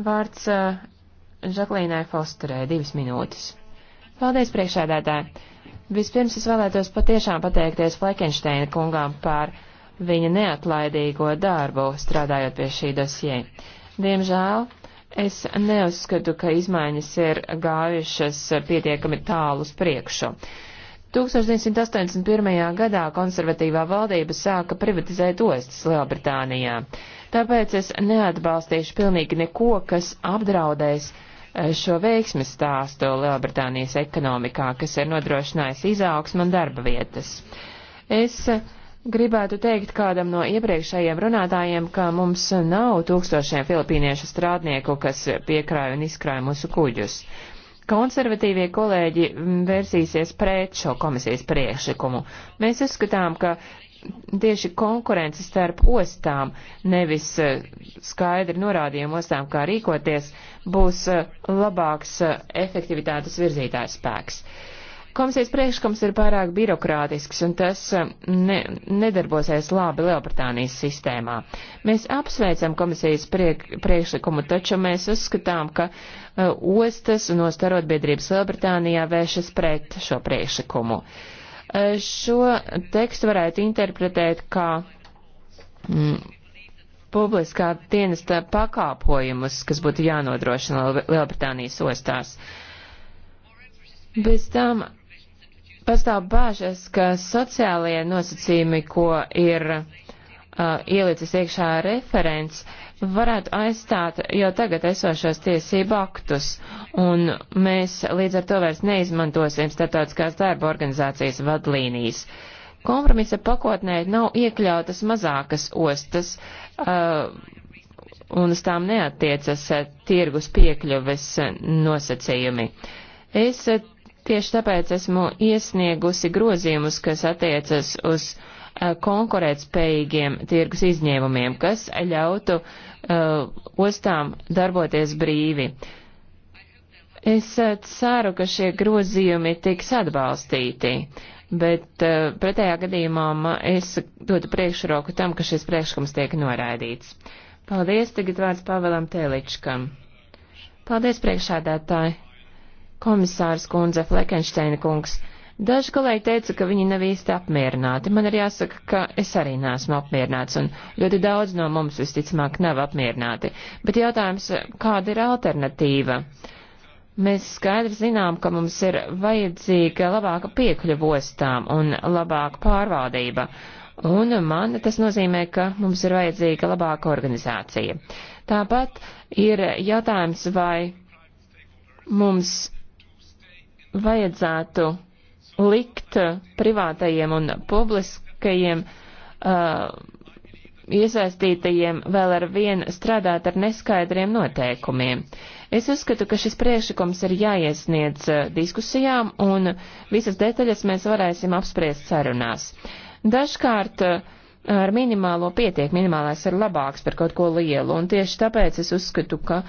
Vārds eh, Žaklīnai Fosterē, divas minūtes. Paldies, priekšādātāji! Vispirms es vēlētos patiešām pateikties Flekensteina kungām par viņa neatlaidīgo darbu strādājot pie šī dosie. Diemžēl es neuzskatu, ka izmaiņas ir gājušas pietiekami tālu uz priekšu. 1981. gadā konservatīvā valdība sāka privatizēt ostas Lielbritānijā. Tāpēc es neatbalstīšu pilnīgi neko, kas apdraudēs Eh, šo veiksmes stāstu Lielbritānijas ekonomikā, kas ir nodrošinājis izaugsmu un darba vietas. Es eh, gribētu teikt kādam no iepriekšējiem runātājiem, ka mums nav tūkstošiem filipīniešu strādnieku, kas piekrāja un izkrāja mūsu kuģus. Konservatīvie kolēģi mm, vērsīsies pret šo komisijas priekšlikumu. Mēs uzskatām, ka tieši konkurence starp ostām, nevis eh, skaidri norādījumu ostām, kā rīkoties, būs eh, labāks eh, efektivitātes virzītājs spēks. Komisijas priekšlikums ir pārāk birokrātisks, un tas ne, nedarbosies labi Lielbritānijas sistēmā. Mēs apsveicam komisijas priek, priekšlikumu, taču mēs uzskatām, ka uh, ostas un ostarotbiedrības Lielbritānijā vēršas pret šo priekšlikumu. Uh, Šo tekstu varētu interpretēt kā mm, publiskā dienesta pakāpojumus, kas būtu jānodrošina Lielbritānijas ostās. Bez tam pastāv bāžas, ka sociālajie nosacījumi, ko ir uh, ielicis iekšā referents, varētu aizstāt jau tagad esošos tiesību aktus, un mēs līdz ar to vairs neizmantosim starptautiskās darba organizācijas vadlīnijas. Kompromisa pakotnē nav iekļautas mazākas ostas, uh, un uz tām neatiecas uh, tirgus piekļuves uh, nosacījumi. Es uh, tieši tāpēc esmu iesniegusi grozījumus, kas attiecas uz uh, Eh, konkurētspējīgiem tirgus izņēmumiem, kas ļautu uh, ostām darboties brīvi. Es eh, ceru, ka šie grozījumi tiks atbalstīti, bet uh, pretējā gadījumā es dotu priekšroku tam, ka šis priekšlikums tiek noraidīts. Paldies, tagad vārds Pavelam Teličkam. Paldies, priekšādātāji. Komisārs kundze Flekenšteina kungs. Daži kolēģi teica, ka viņi nav īsti apmierināti. Man ir jāsaka, ka es arī neesmu apmierināts, un ļoti daudz no mums visticamāk nav apmierināti. Bet jautājums, kāda ir alternatīva? Mēs skaidri zinām, ka mums ir vajadzīga labāka piekļuva ostām un labāka pārvaldība. Un man tas nozīmē, ka mums ir vajadzīga labāka organizācija. Tāpat ir jautājums, vai mums vajadzētu likt eh, privātajiem un publiskajiem uh, iesaistītajiem vēl ar vien strādāt ar neskaidriem noteikumiem. Es uzskatu, ka šis priekšlikums ir jāiesniedz uh, diskusijām, un visas detaļas mēs varēsim apspriest sarunās. Dažkārt uh, ar minimālo pietiek, minimālais ir labāks par kaut ko lielu, un tieši tāpēc es uzskatu, ka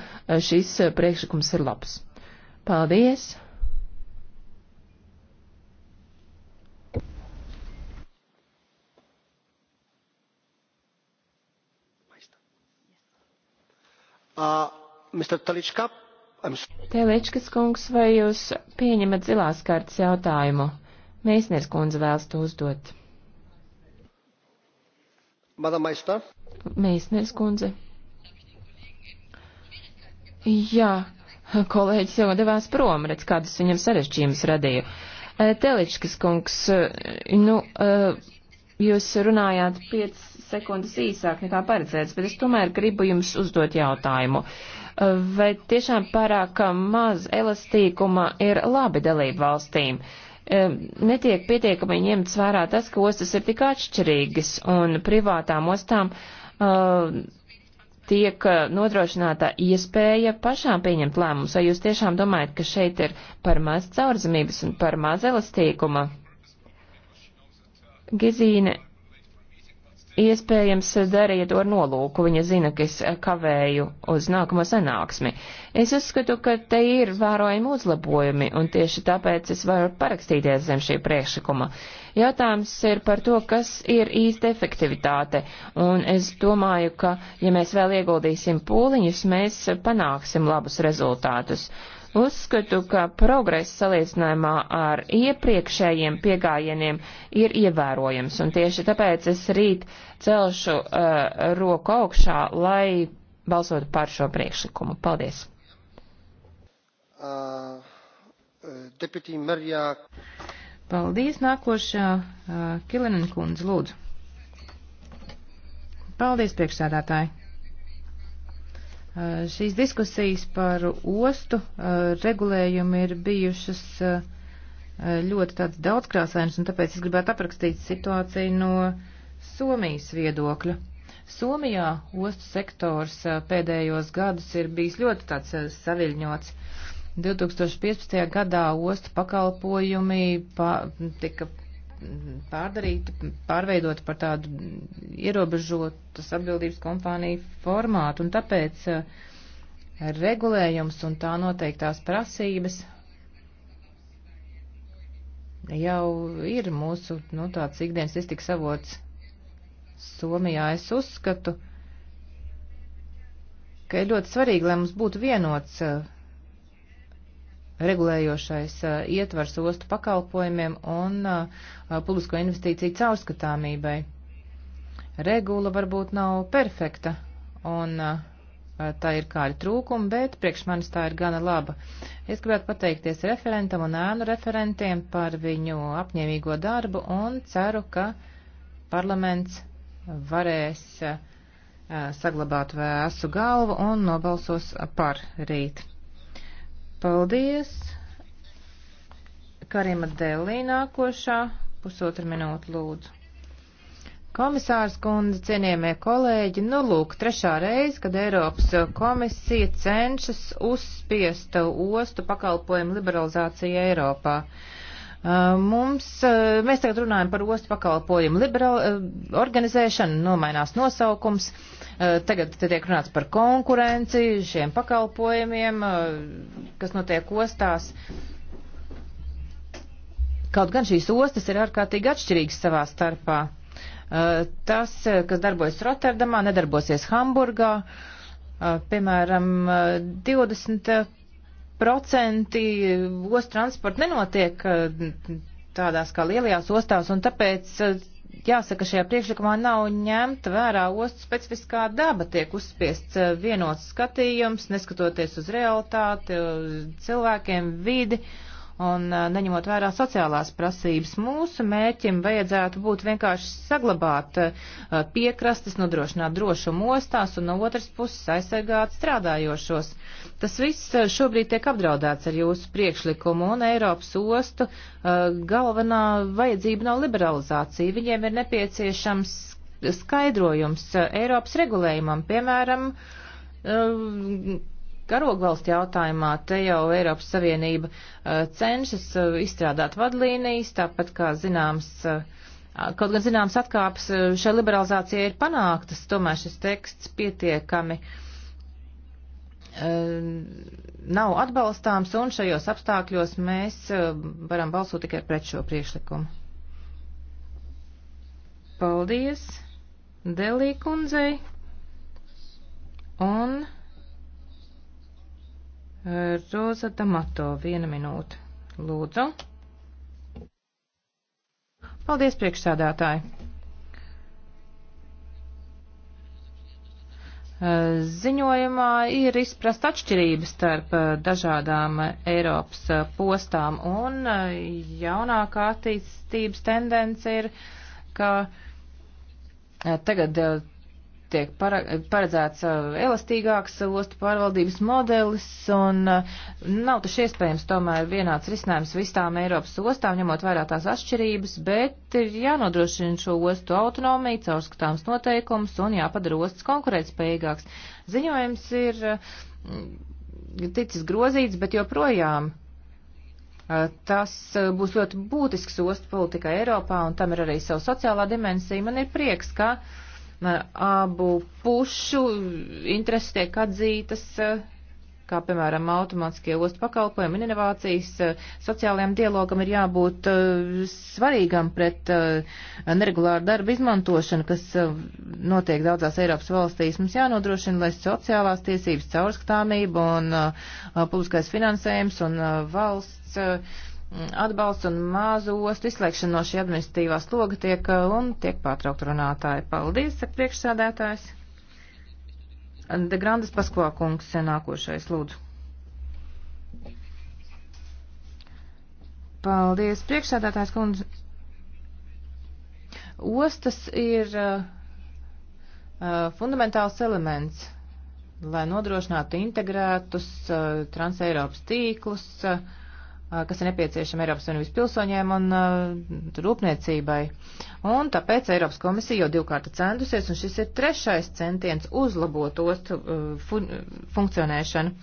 šis priekšlikums ir labs. Paldies!
Uh, Telička,
Teličkas kungs, vai jūs pieņemat zilās kartas jautājumu? Meisners kundze vēlas to uzdot.
Madam Maisner.
Meisners kundze. Jā, kolēģis jau devās prom, redz, kādus viņam sarežģījumus radīju. Uh, Teličkas kungs, uh, nu, uh, jūs runājāt 5 sekundes īsāk nekā paredzēts, bet es tomēr gribu jums uzdot jautājumu. Vai tiešām pārāk maz elastīguma ir labi dalību valstīm? Netiek pietiekami ņemts vērā tas, ka ostas ir tik atšķirīgas un privātām ostām uh, tiek nodrošināta iespēja pašām pieņemt lēmumus. Vai jūs tiešām domājat, ka šeit ir par maz caurzemības un par maz elastīguma? Gezīne iespējams darīja to ar nolūku. Viņa zina, ka es kavēju uz nākamo sanāksmi. Es uzskatu, ka te ir vērojami uzlabojumi, un tieši tāpēc es varu parakstīties zem šī priekšlikuma. Jautājums ir par to, kas ir īsta efektivitāte, un es domāju, ka, ja mēs vēl ieguldīsim pūliņus, mēs panāksim labus rezultātus. Uzskatu, ka progress salīdzinājumā ar iepriekšējiem piegājieniem ir ievērojams, un tieši tāpēc es rīt celšu uh, roku augšā, lai balsotu par šo priekšlikumu. Paldies!
Uh, uh Marijā...
Paldies, nākošā uh, Kilenin kundze, lūdzu. Paldies, priekšsēdētāji! Eh, šīs diskusijas par ostu eh, regulējumu ir bijušas eh, ļoti tāds daudzkrāsainas, un tāpēc es gribētu aprakstīt situāciju no Somijas viedokļa. Somijā ostu sektors pēdējos gadus ir bijis ļoti tāds saviļņots. 2015. gadā ostu pakalpojumi pa, tika pārdarīta, pārveidota par tādu ierobežotas atbildības kompāniju formātu, un tāpēc eh, regulējums un tā noteiktās prasības jau ir mūsu, nu, tāds ikdienas iztiks avots Somijā. Es uzskatu, ka ir ļoti svarīgi, lai mums būtu vienots uh, regulējošais uh, ietvars ostu pakalpojumiem un uh, uh, publisko investīciju caurskatāmībai. Regula varbūt nav perfekta un tā ir kādi trūkumi, bet priekš manis tā ir gana laba. Es gribētu pateikties referentam un ēnu referentiem par viņu apņēmīgo darbu un ceru, ka parlaments varēs saglabāt vēsu galvu un nobalsos par rīt. Paldies. Karima Delī nākošā. Pusotra minūte lūdzu. Komisārs kundze, cienījamie kolēģi, nu lūk, trešā reize, kad Eiropas komisija cenšas uzspiest ostu pakalpojumu liberalizāciju Eiropā. Uh, Uh, mums, uh, mēs tagad runājam par ostu pakalpojumu liberal, uh, organizēšanu, nomainās nosaukums, tagad te tiek runāts par konkurenci šiem pakalpojumiem, kas notiek ostās. Kaut gan šīs ostas ir ārkārtīgi atšķirīgas savā starpā. Tas, kas darbojas Rotterdamā, nedarbosies Hamburgā. Piemēram, 20 procenti eh, ostu transporta nenotiek eh, tādās kā lielajās ostās, un tāpēc eh, jāsaka, šajā priekšlikumā nav ņemta vērā ostu specifiskā daba, tiek uzspiests vienots skatījums, neskatoties uz realitāti, uz cilvēkiem, vidi. Uh, un neņemot vērā sociālās prasības. Mūsu mērķim vajadzētu būt vienkārši saglabāt piekrastes, nodrošināt drošumu ostās un no otras puses aizsargāt strādājošos. Tas viss šobrīd tiek apdraudēts ar jūsu priekšlikumu un Eiropas ostu galvenā vajadzība nav liberalizācija. Viņiem ir nepieciešams skaidrojums Eiropas regulējumam, piemēram, Karogvalstu jautājumā te jau Eiropas Savienība eh, cenšas eh, izstrādāt vadlīnijas, tāpat kā zināms, eh, kaut gan zināms atkāpes šai liberalizācijai ir panāktas, tomēr šis teksts pietiekami nav atbalstāms, un šajos apstākļos mēs varam balsot tikai pret šo priekšlikumu. Paldies Delī kundzei un Roza Damato, viena minūte. Lūdzu. Paldies, priekšsādātāji. Ziņojumā ir izprast atšķirības starp eh, dažādām eh, Eiropas eh, postām, un jaunākā attīstības tendence ir, ka tagad tiek paredzēts uh, elastīgāks ostu pārvaldības modelis, un uh, nav taču iespējams tomēr vienāds risinājums visām Eiropas ostām, ņemot vērā tās atšķirības, bet ir jānodrošina šo ostu autonomiju, caurskatāms noteikums un jāpadara ostas konkurētspējīgāks. Ziņojums ir uh, ticis grozīts, bet joprojām Tas būs ļoti būtisks ostu politikā Eiropā, un tam ir arī savu sociālā dimensija. Man ir prieks, ka uh, abu pušu intereses tiek atzītas, kā piemēram automātiskie ostu pakalpojumi, inovācijas, sociālajam dialogam ir jābūt eh, svarīgam pret eh, neregulāru darbu izmantošanu, kas eh, notiek daudzās Eiropas valstīs. Mums jānodrošina, lai sociālās tiesības caurskatāmība un publiskais finansējums un valsts atbalsts un mazu ostu izslēgšana no šī administratīvā sloga tiek uh, un tiek pārtraukt runātāji. Paldies, saka priekšsēdētājs. De Grandes Paskvā kungs nākošais lūdzu. Paldies, priekšsēdētājs kundze. Ostas ir uh, uh, fundamentāls elements, lai nodrošinātu integrētus uh, transeiropas tīklus. Uh, kas ir nepieciešama Eiropas Savienības pilsoņiem un uh, rūpniecībai. Un tāpēc Eiropas komisija jau divkārt centusies, un šis ir trešais centiens uzlabot ostu uh, fun funkcionēšanu.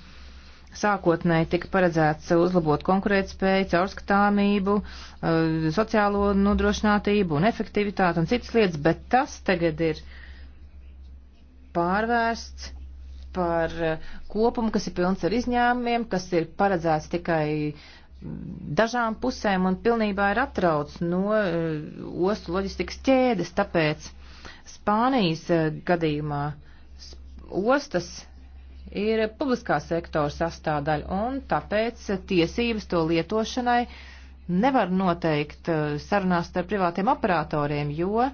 Sākotnēji tika paredzēts uzlabot konkurētspēju, caurskatāmību, uh, sociālo nodrošinātību un efektivitāti un citas lietas, bet tas tagad ir pārvērsts par kopumu, kas ir pilns ar izņēmumiem, kas ir paredzēts tikai uh, dažām pusēm un pilnībā ir atrauc no eh, ostu loģistikas ķēdes, tāpēc Spānijas eh, gadījumā ostas ir publiskā sektora sastāvdaļa un tāpēc tiesības to lietošanai nevar noteikt eh, sarunās ar privātiem operatoriem, jo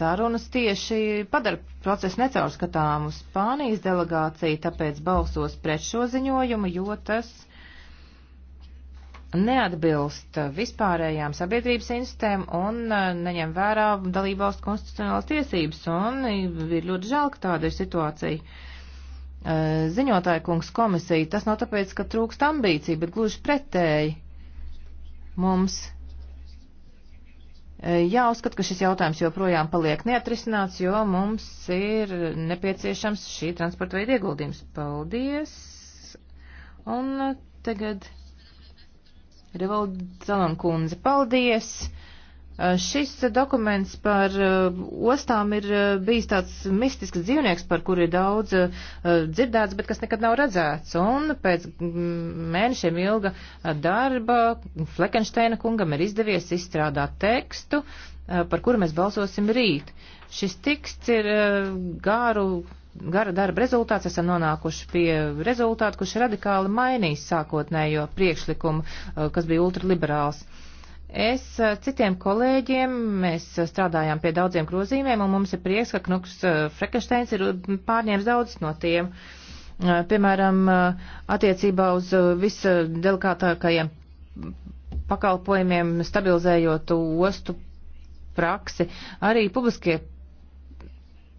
sarunas tieši padara procesu necaurskatāmu. Spānijas delegācija tāpēc balsos pret šo ziņojumu, jo tas neatbilst vispārējām sabiedrības institēm un uh, neņem vērā dalībvalstu konstitucionālas tiesības, un uh, ir ļoti žēl, ka tāda ir situācija. Uh, ziņotāja kungs komisija, tas nav tāpēc, ka trūkst ambīcija, bet gluži pretēji. Mums E, jāuzskata, ka šis jautājums joprojām paliek neatrisināts, jo mums ir nepieciešams šī transporta veida ieguldījums. Paldies! Un e, tagad Revalda Zalankundze, paldies! Eh, šis dokuments par eh, ostām ir eh, bijis tāds mistisks dzīvnieks, par kuru ir daudz dzirdēts, bet kas nekad nav redzēts. Un pēc mm, mēnešiem ilga darba Fleckensteina kungam ir izdevies izstrādāt tekstu, par kuru mēs balsosim rīt. Šis teksts ir gāru gara darba rezultāts esam nonākuši pie rezultātu, kurš radikāli mainīs sākotnējo priekšlikumu, kas bija ultraliberāls. Es citiem kolēģiem, mēs strādājām pie daudziem grozījumiem, un mums ir prieks, ka Knuks Frekensteins ir pārņēmis daudz no tiem. Piemēram, attiecībā uz visdelikātākajiem pakalpojumiem, stabilizējot ostu praksi, arī publiskie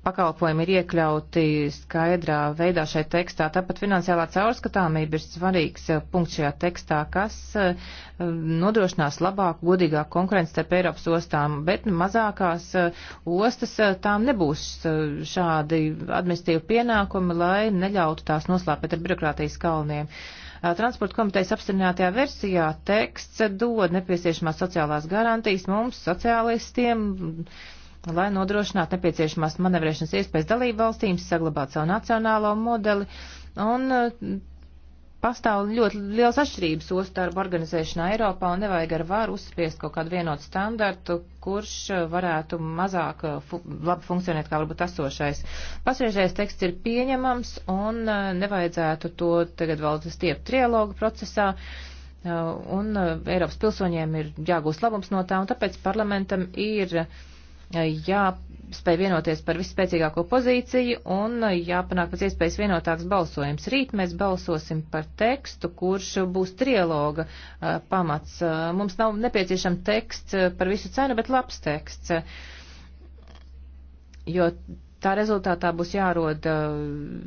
pakalpojumi ir iekļauti skaidrā veidā šajā tekstā. Tāpat finansiālā caurskatāmība ir svarīgs eh, punkts šajā tekstā, kas eh, nodrošinās labāku, godīgāku konkurenci starp Eiropas ostām, bet mazākās eh, ostas tām nebūs šādi administīvi pienākumi, lai neļautu tās noslēpēt ar birokrātijas kalniem. Transporta komitejas apstiprinātajā versijā teksts dod nepieciešamās sociālās garantijas mums, sociālistiem lai nodrošinātu nepieciešamās manevrēšanas iespējas dalību valstīm, saglabāt savu nacionālo modeli. Un eh, pastāv ļoti liels atšķirības ostarbu organizēšanā Eiropā un nevajag ar varu uzspiest kaut kādu vienotu standartu, kurš eh, varētu mazāk eh, fu labi funkcionēt kā varbūt esošais. Pasviežais teksts ir pieņemams un nevajadzētu to tagad vēl stiept trialogu procesā. Un Eiropas pilsoņiem ir jāgūst labums no tā, un tāpēc parlamentam ir uh, jāspēj vienoties par visspēcīgāko pozīciju un jāpanāk pēc iespējas vienotāks balsojums. Rīt mēs balsosim par tekstu, kurš būs trialoga pamats. Mums nav nepieciešama teksts par visu cenu, bet labs teksts. Jo tā rezultātā būs jārod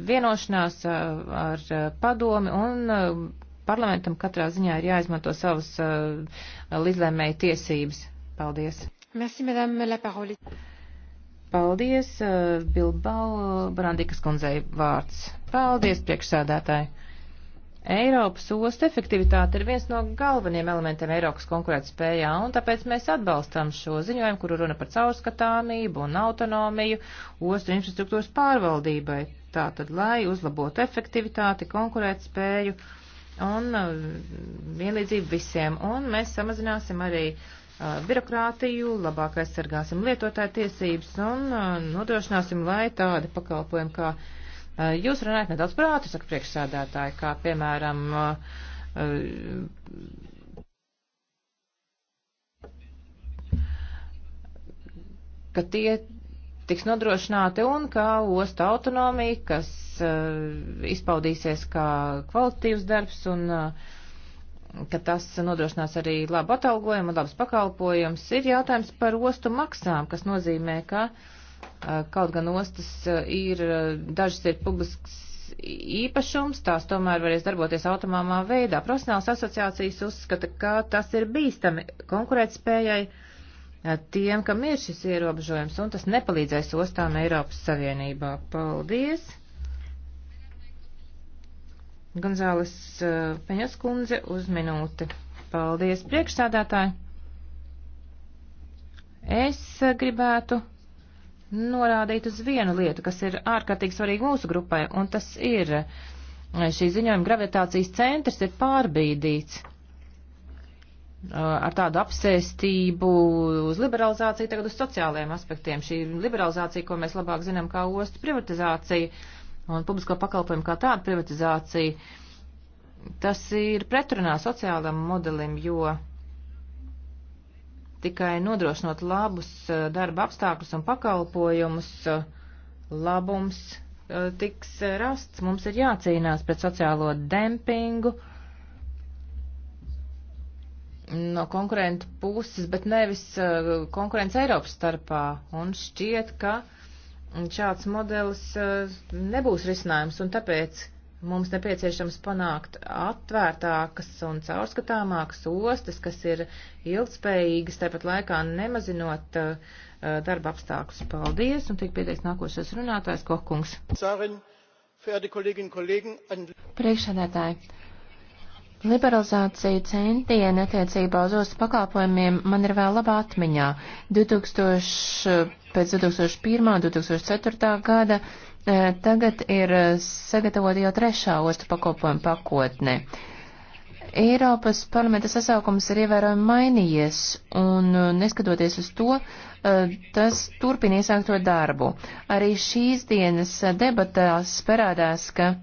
vienošanās ar padomi un parlamentam katrā ziņā ir jāizmanto savas līdzlēmēja tiesības. Paldies! Merci, madame, la parole. Paldies, eh, Bilbao Brandikas kundzei vārds. Paldies, priekšsādātāji. Eiropas ostu efektivitāte ir viens no galvenajiem elementiem Eiropas konkurētspējā, un tāpēc mēs atbalstam šo ziņojumu, kuru runa par caurskatāmību un autonomiju ostu infrastruktūras pārvaldībai. Tātad, lai uzlabotu efektivitāti, konkurētspēju un eh, vienlīdzību visiem, un mēs samazināsim arī uh, birokrātiju, labāk aizsargāsim lietotāju tiesības un nodrošināsim, lai tādi pakalpojumi kā Jūs runājat nedaudz par ātru, saka priekšsēdētāji, kā piemēram. ka tie tiks nodrošināti un kā osta autonomija, kas uh, izpaudīsies kā kvalitīvs darbs un uh, ka tas nodrošinās arī labu atalgojumu un labs pakalpojums, ir jautājums par ostu maksām, kas nozīmē, ka kaut gan ostas ir, dažas ir publisks īpašums, tās tomēr varēs darboties automāmā veidā. Profesionāls asociācijas uzskata, ka tas ir bīstami konkurētspējai tiem, kam ir šis ierobežojums, un tas nepalīdzēs ostām Eiropas Savienībā. Paldies! Gonzāles eh, Peņas kundze uz minūti. Paldies, priekšsādātāji! Es eh, gribētu norādīt uz vienu lietu, kas ir ārkārtīgi svarīga mūsu grupai, un tas ir eh, šī ziņojuma gravitācijas centrs ir pārbīdīts ar tādu apsēstību uz liberalizāciju, tagad uz sociālajiem aspektiem. Šī liberalizācija, ko mēs labāk zinām kā ostu privatizācija, un publisko pakalpojumu kā tādu privatizāciju, tas ir pretrunā sociālam modelim, jo tikai nodrošinot labus eh, darba apstākļus un pakalpojumus, eh, labums eh, tiks rasts. Mums ir jācīnās pret sociālo dempingu no konkurentu puses, bet nevis konkurence Eiropas starpā. Un šķiet, ka uh, šāds modelis eh, nebūs risinājums, un tāpēc mums nepieciešams panākt atvērtākas un caurskatāmākas ostas, kas ir ilgspējīgas, tāpat laikā nemazinot eh, darba apstākļus. Paldies, un tiek pieteikts nākošais runātājs Kohkungs. Priekšsēdētāji, Liberalizācija centieni
attiecībā uz ostu pakalpojumiem man ir vēl labā atmiņā. 2000, pēc 2001. un 2004. gada eh, tagad ir sagatavota jau trešā ostu pakalpojuma pakotne. Eiropas parlamenta sasaukums ir ievērojami mainījies, un eh, neskatoties uz to, eh, tas turpina iesākt to darbu. Arī šīs dienas debatās parādās, ka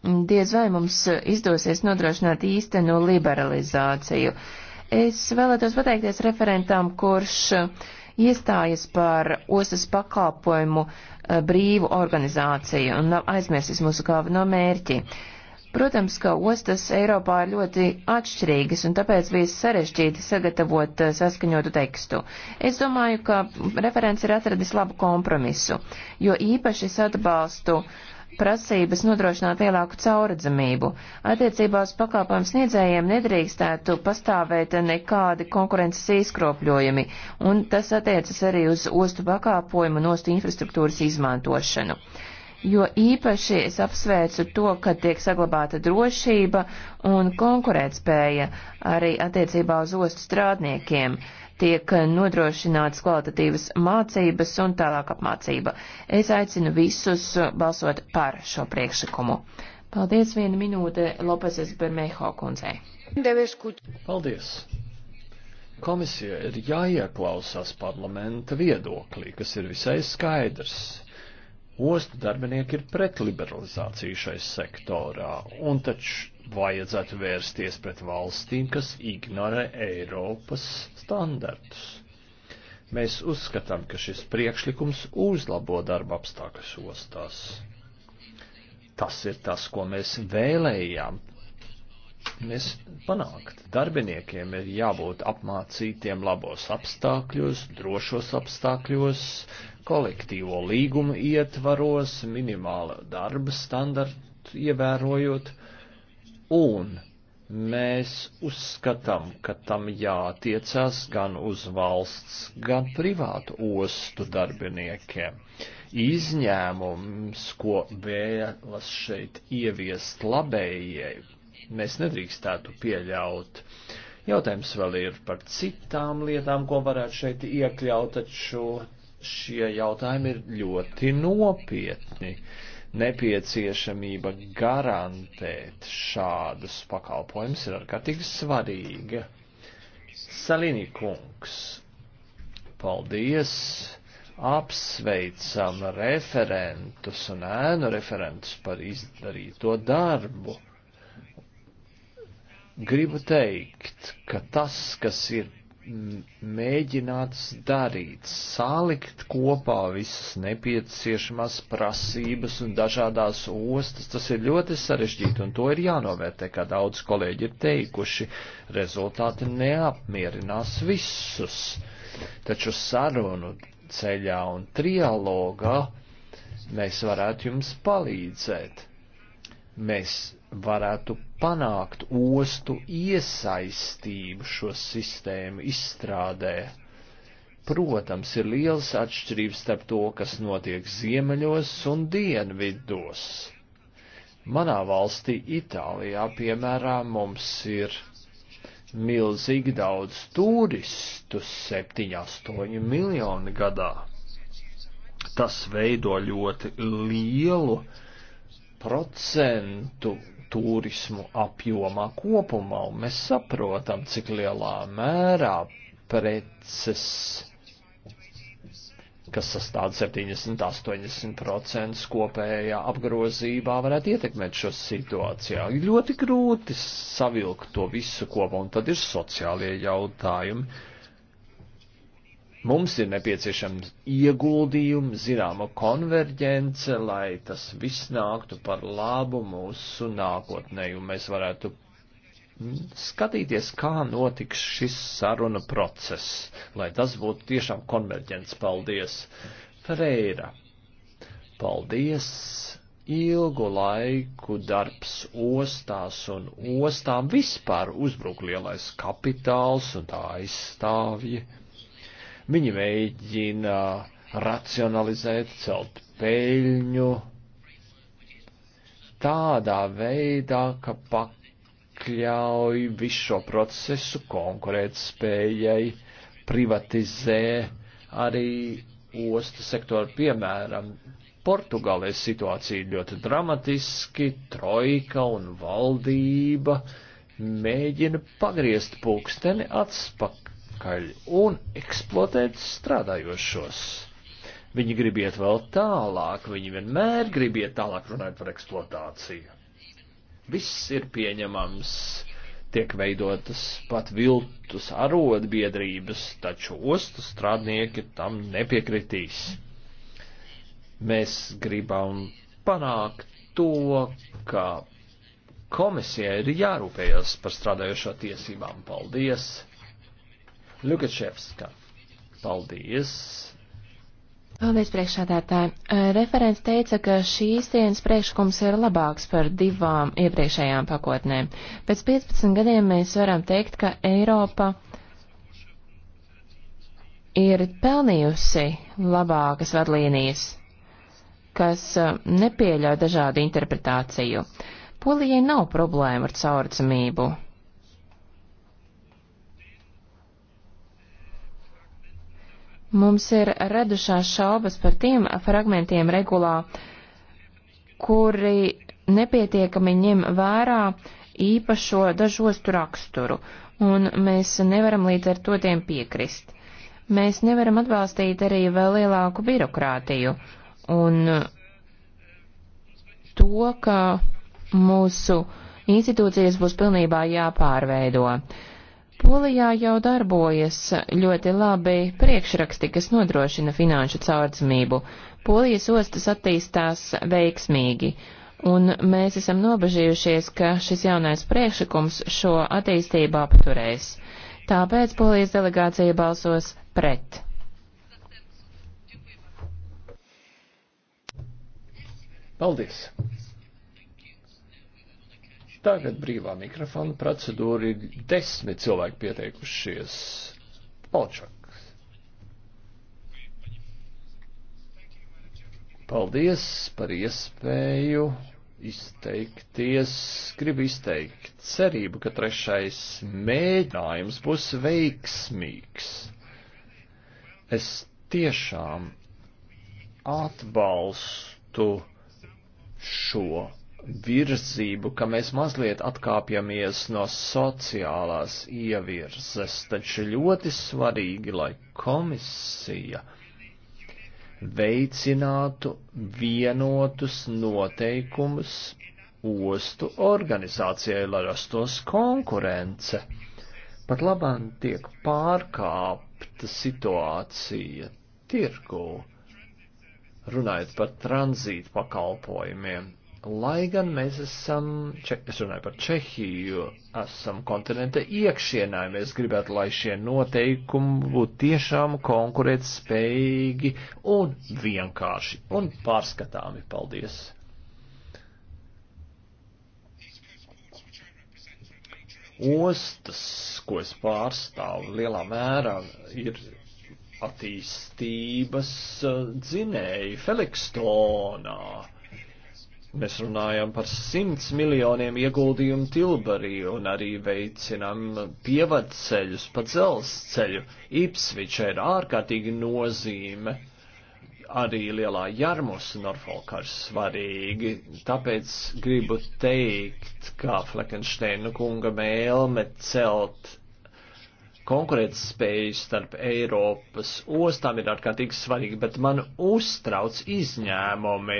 diez vai mums izdosies nodrošināt īstenu liberalizāciju. Es vēlētos pateikties referentam, kurš iestājas par ostas pakalpojumu eh, brīvu organizāciju un aizmirsīs mūsu galveno mērķi. Protams, ka ostas Eiropā ir ļoti atšķirīgas, un tāpēc bija sarežģīti sagatavot eh, saskaņotu tekstu. Es domāju, ka referents ir atradis labu kompromisu, jo īpaši es atbalstu uh, prasības nodrošināt lielāku cauradzamību. Attiecībā uz pakalpojumu sniedzējiem nedrīkstētu pastāvēt nekādi konkurences izkropļojumi, un tas attiecas arī uz ostu pakalpojumu un ostu infrastruktūras izmantošanu. Jo īpaši es apsveicu to, ka tiek saglabāta drošība un konkurētspēja arī attiecībā uz ostu strādniekiem. Uh, tiek nodrošināts kvalitatīvas mācības un tālāk apmācība. Es aicinu visus balsot par šo priekšlikumu. Paldies, viena minūte Lopeses Bermeho kundzei.
Paldies! Komisija ir jāieklausās parlamenta viedoklī, kas ir visai skaidrs. Ostu darbinieki ir pret liberalizāciju šai sektorā, un taču vajadzētu vērsties pret valstīm, kas ignorē Eiropas standartus. Mēs uzskatām, ka šis priekšlikums uzlabo darba apstākļus ostās. Tas ir tas, ko mēs vēlējām. Mēs panākt. Darbiniekiem ir jābūt apmācītiem labos apstākļos, drošos apstākļos, kolektīvo līgumu ietvaros, minimāla darba standartu ievērojot, uh, Un mēs uzskatām, ka tam jātiecās gan uz valsts, gan privātu ostu darbiniekiem. Izņēmums, ko vēlas šeit ieviest labējai, mēs nedrīkstētu pieļaut. Jautājums vēl ir par citām lietām, ko varētu šeit iekļaut, taču šie jautājumi ir ļoti nopietni. Uh, nepieciešamība garantēt šādus pakalpojumus ir ārkārtīgi svarīga. Salīni kungs, paldies! Apsveicam referentus un ēnu referentus par izdarīto darbu. Gribu teikt, ka tas, kas ir mēģināts darīt, salikt kopā visas nepieciešamās prasības un dažādās ostas, tas ir ļoti sarežģīti un to ir jānovērtē, kā daudz kolēģi ir teikuši, rezultāti neapmierinās visus. Taču sarunu ceļā un trialogā mēs varētu jums palīdzēt. Mēs varētu panākt ostu iesaistību šo sistēmu izstrādē. Protams, ir liels atšķirības starp to, kas notiek ziemeļos un dienvidos. Manā valstī, Itālijā, piemēram, mums ir milzīgi daudz turistu - 7-8 miljoni gadā. Tas veido ļoti lielu procentu turismu apjomā kopumā, un mēs saprotam, cik lielā mērā preces, kas sastāv 70-80% kopējā apgrozībā, varētu ietekmēt šo situāciju. Ļoti grūti savilkt to visu kopā, un tad ir sociālie jautājumi Mums ir nepieciešams ieguldījumi, zināma konverģence, lai tas viss nāktu par labu mūsu nākotnē, un mēs varētu skatīties, kā notiks šis saruna process, lai tas būtu tiešām konverģents. Paldies, Freira! Paldies! ilgu laiku darbs ostās un ostām vispār uzbruk lielais kapitāls un tā aizstāvji. Viņi mēģina racionalizēt, celt peļņu tādā veidā, ka pakļauj visu šo procesu konkurētspējai, privatizē arī ostu sektoru. Piemēram, Portugālē situācija ļoti dramatiski, trojka un valdība mēģina pagriezt pulksteni atspakaļ atpakaļ un eksploatēt strādājošos. Viņi grib iet vēl tālāk, viņi vienmēr grib iet tālāk runājot par eksploatāciju. Viss ir pieņemams, tiek veidotas pat viltus arotbiedrības, taču ostu strādnieki tam nepiekritīs. Mēs gribam panākt to, ka komisijai ir jārūpējas par strādājošo tiesībām. Paldies! Lukačevska. Paldies!
Paldies, priekšsādātāji. Referents teica, ka šīs dienas priekšlikums ir labāks par divām iepriekšējām pakotnēm. Pēc 15 gadiem mēs varam teikt, ka Eiropa ir pelnījusi labākas vadlīnijas, kas nepieļauj dažādu interpretāciju. Polijai nav problēma ar caurdzamību. Mums ir radušās šaubas par tiem fragmentiem regulā, kuri nepietiekami ņem vērā īpašo dažostu raksturu, un mēs nevaram līdz ar to tiem piekrist. Mēs nevaram atbalstīt arī vēl lielāku birokrātiju un to, ka mūsu institūcijas būs pilnībā jāpārveido. Uh, Polijā jau darbojas ļoti labi priekšraksti, kas nodrošina finanšu caurdzamību. Polijas ostas attīstās veiksmīgi, un mēs esam nobežījušies, ka šis jaunais priekšlikums šo attīstību apturēs. Tāpēc Polijas delegācija balsos pret.
Paldies! Tagad brīvā mikrofona procedūra ir desmit cilvēki pieteikušies. Polčak. Paldies par iespēju izteikties. Gribu izteikt cerību, ka trešais mēģinājums būs veiksmīgs. Es tiešām atbalstu šo virzību, ka mēs mazliet atkāpjamies no sociālās ievirzes, taču ļoti svarīgi, lai komisija veicinātu vienotus noteikumus ostu organizācijai, lai rastos konkurence. Pat labāk tiek pārkāpta situācija tirgū, runājot par tranzītu pakalpojumiem Lai gan mēs esam, es runāju par Čehiju, esam kontinenta iekšienā, mēs gribētu, lai šie noteikumi būtu tiešām konkurēt spējīgi un vienkārši un pārskatāmi. Paldies! Ostas, ko es pārstāvu, lielā mērā ir attīstības eh, dzinēji Felikstonā Mēs runājam par 100 miljoniem ieguldījumu Tilbarī un arī veicinām pievadceļus pa dzelzceļu. Ipsviča ir ārkārtīgi nozīme. Arī lielā jarmus Norfolkā ir svarīgi, tāpēc gribu teikt, kā Fleckensteina kunga mēlme celt konkurētspēja starp Eiropas ostām ir ārkārtīgi svarīga, bet man uztrauc izņēmumi.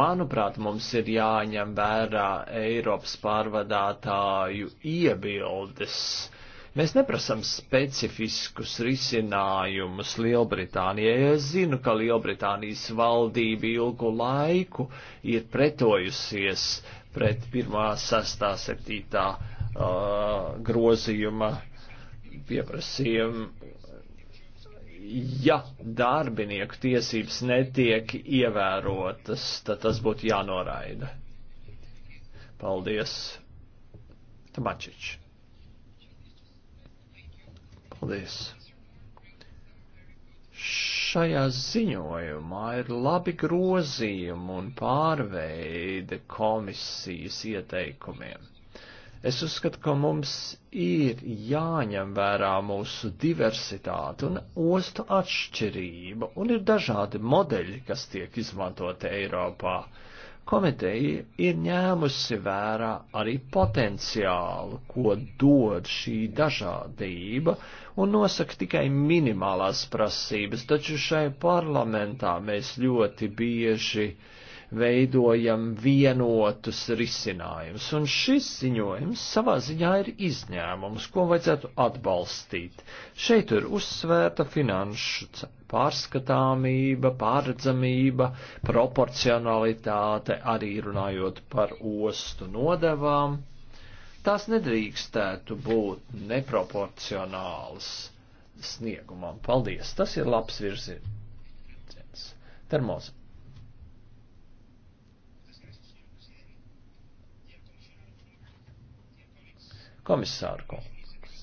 Manuprāt, mums ir jāņem vērā Eiropas pārvadātāju iebildes. Mēs neprasam specifiskus risinājumus Lielbritānijai. Es zinu, ka Lielbritānijas valdība ilgu laiku ir pretojusies pret 1, 6, 7 uh, grozījuma uh, pieprasījumu, ja darbinieku tiesības netiek ievērotas, tad tas būtu jānoraida. Paldies, Tamačič. Paldies. Šajā ziņojumā ir labi grozījumi un pārveide komisijas ieteikumiem Es uzskatu, ka mums ir jāņem vērā mūsu diversitāte un ostu atšķirība, un ir dažādi modeļi, kas tiek izmantoti Eiropā. Komiteja ir ņēmusi vērā arī potenciālu, ko dod šī dažādība, un nosaka tikai minimālās prasības, taču šai parlamentā mēs ļoti bieži uh, veidojam vienotus risinājumus. Un šis ziņojums savā ziņā ir izņēmums, ko vajadzētu atbalstīt. Šeit ir uzsvērta finanšu pārskatāmība, pārredzamība, proporcionalitāte, arī runājot par ostu nodevām. Tās nedrīkstētu būt neproporcionāls sniegumam. Paldies! Tas ir labs virziens. Termoza. Komisāra kungs,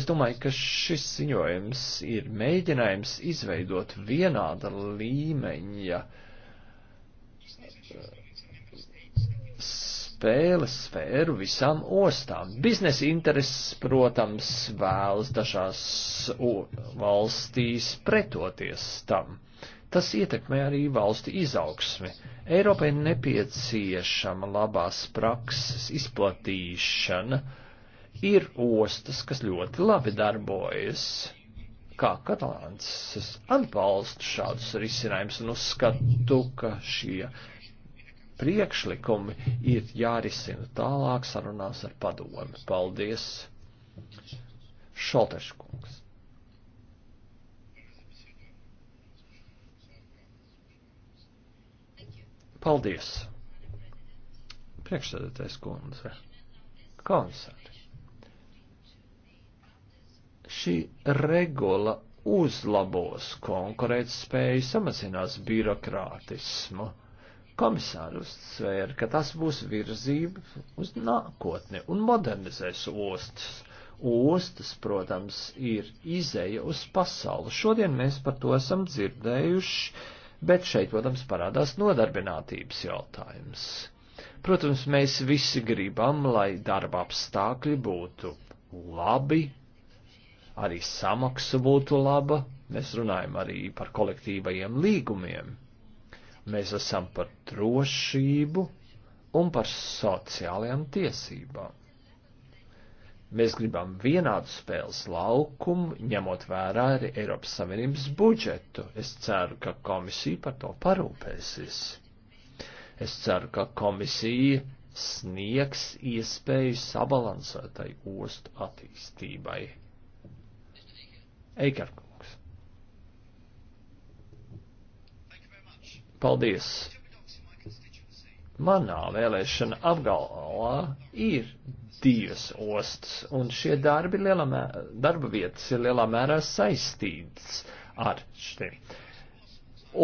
es domāju, ka šis ziņojums ir mēģinājums izveidot vienāda līmeņa uh, spēles sfēru visām ostām. Biznesa intereses, protams, vēlas dažās valstīs pretoties tam. Tas ietekmē arī valsti izaugsmi. Eiropai nepieciešama labās prakses izplatīšana Ir ostas, kas ļoti labi darbojas, kā katalāns. Es atbalstu šādus risinājumus un uzskatu, ka šie priekšlikumi ir jārisina tālāk sarunās ar padomu. Paldies! Šalteškungs. Paldies! Priekšsēdētais kundze. Konsens šī regula uzlabos konkurētspēju, samazinās birokrātismu. Komisāri uzsvēra, ka tas būs virzība uz nākotni un modernizēs ostas. Ostas, protams, ir izeja uz pasauli. Šodien mēs par to esam dzirdējuši, bet šeit, protams, parādās nodarbinātības jautājums. Protams, mēs visi gribam, lai darba apstākļi būtu labi, arī samaksa būtu laba. Mēs runājam arī par kolektīvajiem līgumiem. Mēs esam par drošību un par sociālajām tiesībām. Mēs gribam vienādu spēles laukumu, ņemot vērā arī Eiropas Savienības budžetu. Es ceru, ka komisija par to parūpēsies. Es ceru, ka komisija sniegs iespēju sabalansētai ostu attīstībai. Eikarkungs. Paldies! Manā vēlēšana apgalvā ir divas ostas, un šie darbi lielā mērā, darba vietas ir lielā mērā saistītas ar šiem.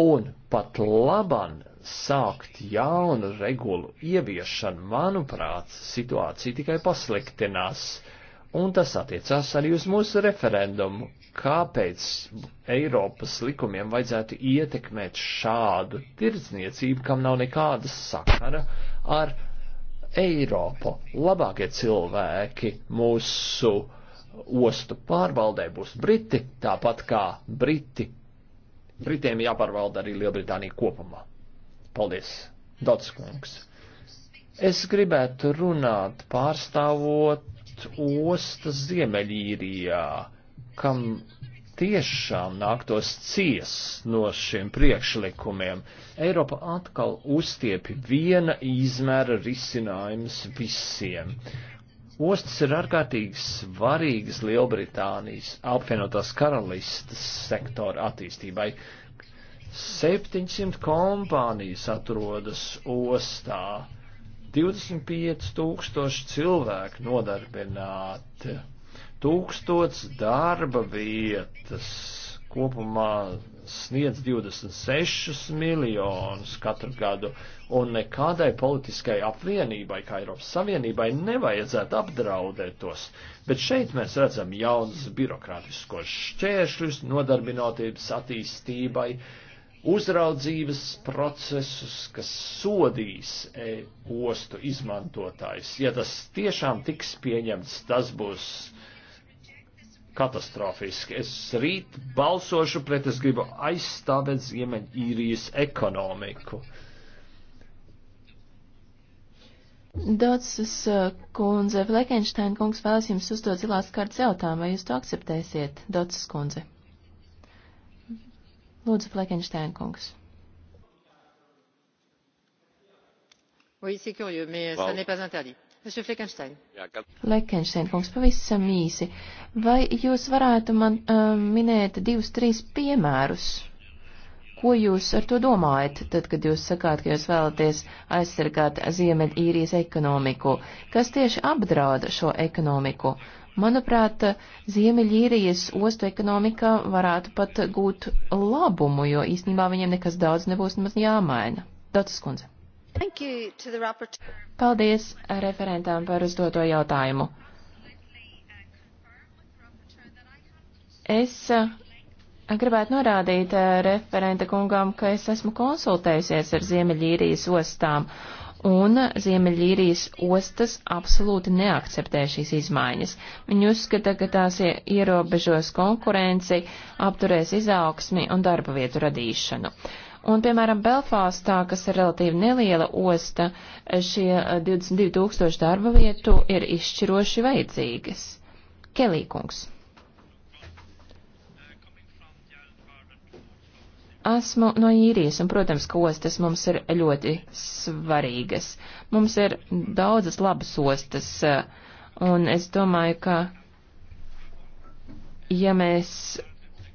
Un pat laban sākt jaunu regulu ieviešanu, manuprāt, situācija tikai pasliktinās. Uh, un tas attiecās arī uz mūsu referendumu. Kāpēc Eiropas likumiem vajadzētu ietekmēt šādu tirdzniecību, kam nav nekāda sakara ar Eiropu? Labākie cilvēki mūsu ostu pārvaldē būs Briti, tāpat kā Briti. Britiem jāpārvalda arī Lielbritānija kopumā. Paldies, Dots kungs! Es gribētu runāt pārstāvot atrast ostas Ziemeļīrijā, kam tiešām nāktos ciest no šiem priekšlikumiem. Eiropa atkal uzstiepja viena izmēra risinājums visiem. Ostas ir ārkārtīgi svarīgas Lielbritānijas apvienotās karalistas sektora attīstībai. 700 kompānijas atrodas ostā 25 tūkstoši cilvēku nodarbināti, tūkstots darba vietas, kopumā sniedz 26 miljonus katru gadu, un nekādai politiskai apvienībai, kā Eiropas Savienībai, nevajadzētu apdraudēt tos. Bet šeit mēs redzam jaunas birokrātiskos šķēršļus nodarbinātības attīstībai, uh, uzraudzības procesus, kas sodīs e ostu izmantotājs. Ja tas tiešām tiks pieņemts, tas būs katastrofiski. Es rīt balsošu pret, es gribu aizstāvēt Ziemeņīrijas ekonomiku.
Dotsas uh, kundze, Flekenšteina kungs vēlas jums uzdot zilās kārtas jautājumu, vai jūs to akceptēsiet, Dotsas kundze? Lūdzu, Flekenštēna kungs.
Oui, c'est curieux, mais wow. ça n'est pas interdit. Monsieur Fleckenstein.
Fleckenstein kungs, pavisam īsi. Vai jūs varētu man uh, minēt divus, trīs piemērus, ko jūs ar to domājat, tad, kad jūs sakāt, ka jūs vēlaties aizsargāt Ziemeļīrijas ekonomiku? Kas tieši apdrauda šo ekonomiku? Uh, Manuprāt, Ziemeļīrijas ostu ekonomika varētu pat gūt labumu, jo īstenībā viņiem nekas daudz nebūs nemaz jāmaina. Dotas kundze. Paldies referentām par uzdoto jautājumu. Es eh, gribētu norādīt eh, referenta kungām, ka es esmu konsultējusies ar Ziemeļīrijas ostām un Ziemeļīrijas ostas absolūti neakceptē šīs izmaiņas. Viņi uzskata, ka tās ierobežos konkurenci, apturēs izaugsmi un darba vietu radīšanu. Un, piemēram, Belfāstā, kas ir relatīvi neliela osta, šie 22 eh, tūkstoši darba vietu ir izšķiroši vajadzīgas. Kelīkungs. Esmu no īrijas, un, protams, ka ostas mums ir ļoti svarīgas. Mums ir daudzas labas ostas, un es domāju, ka, ja mēs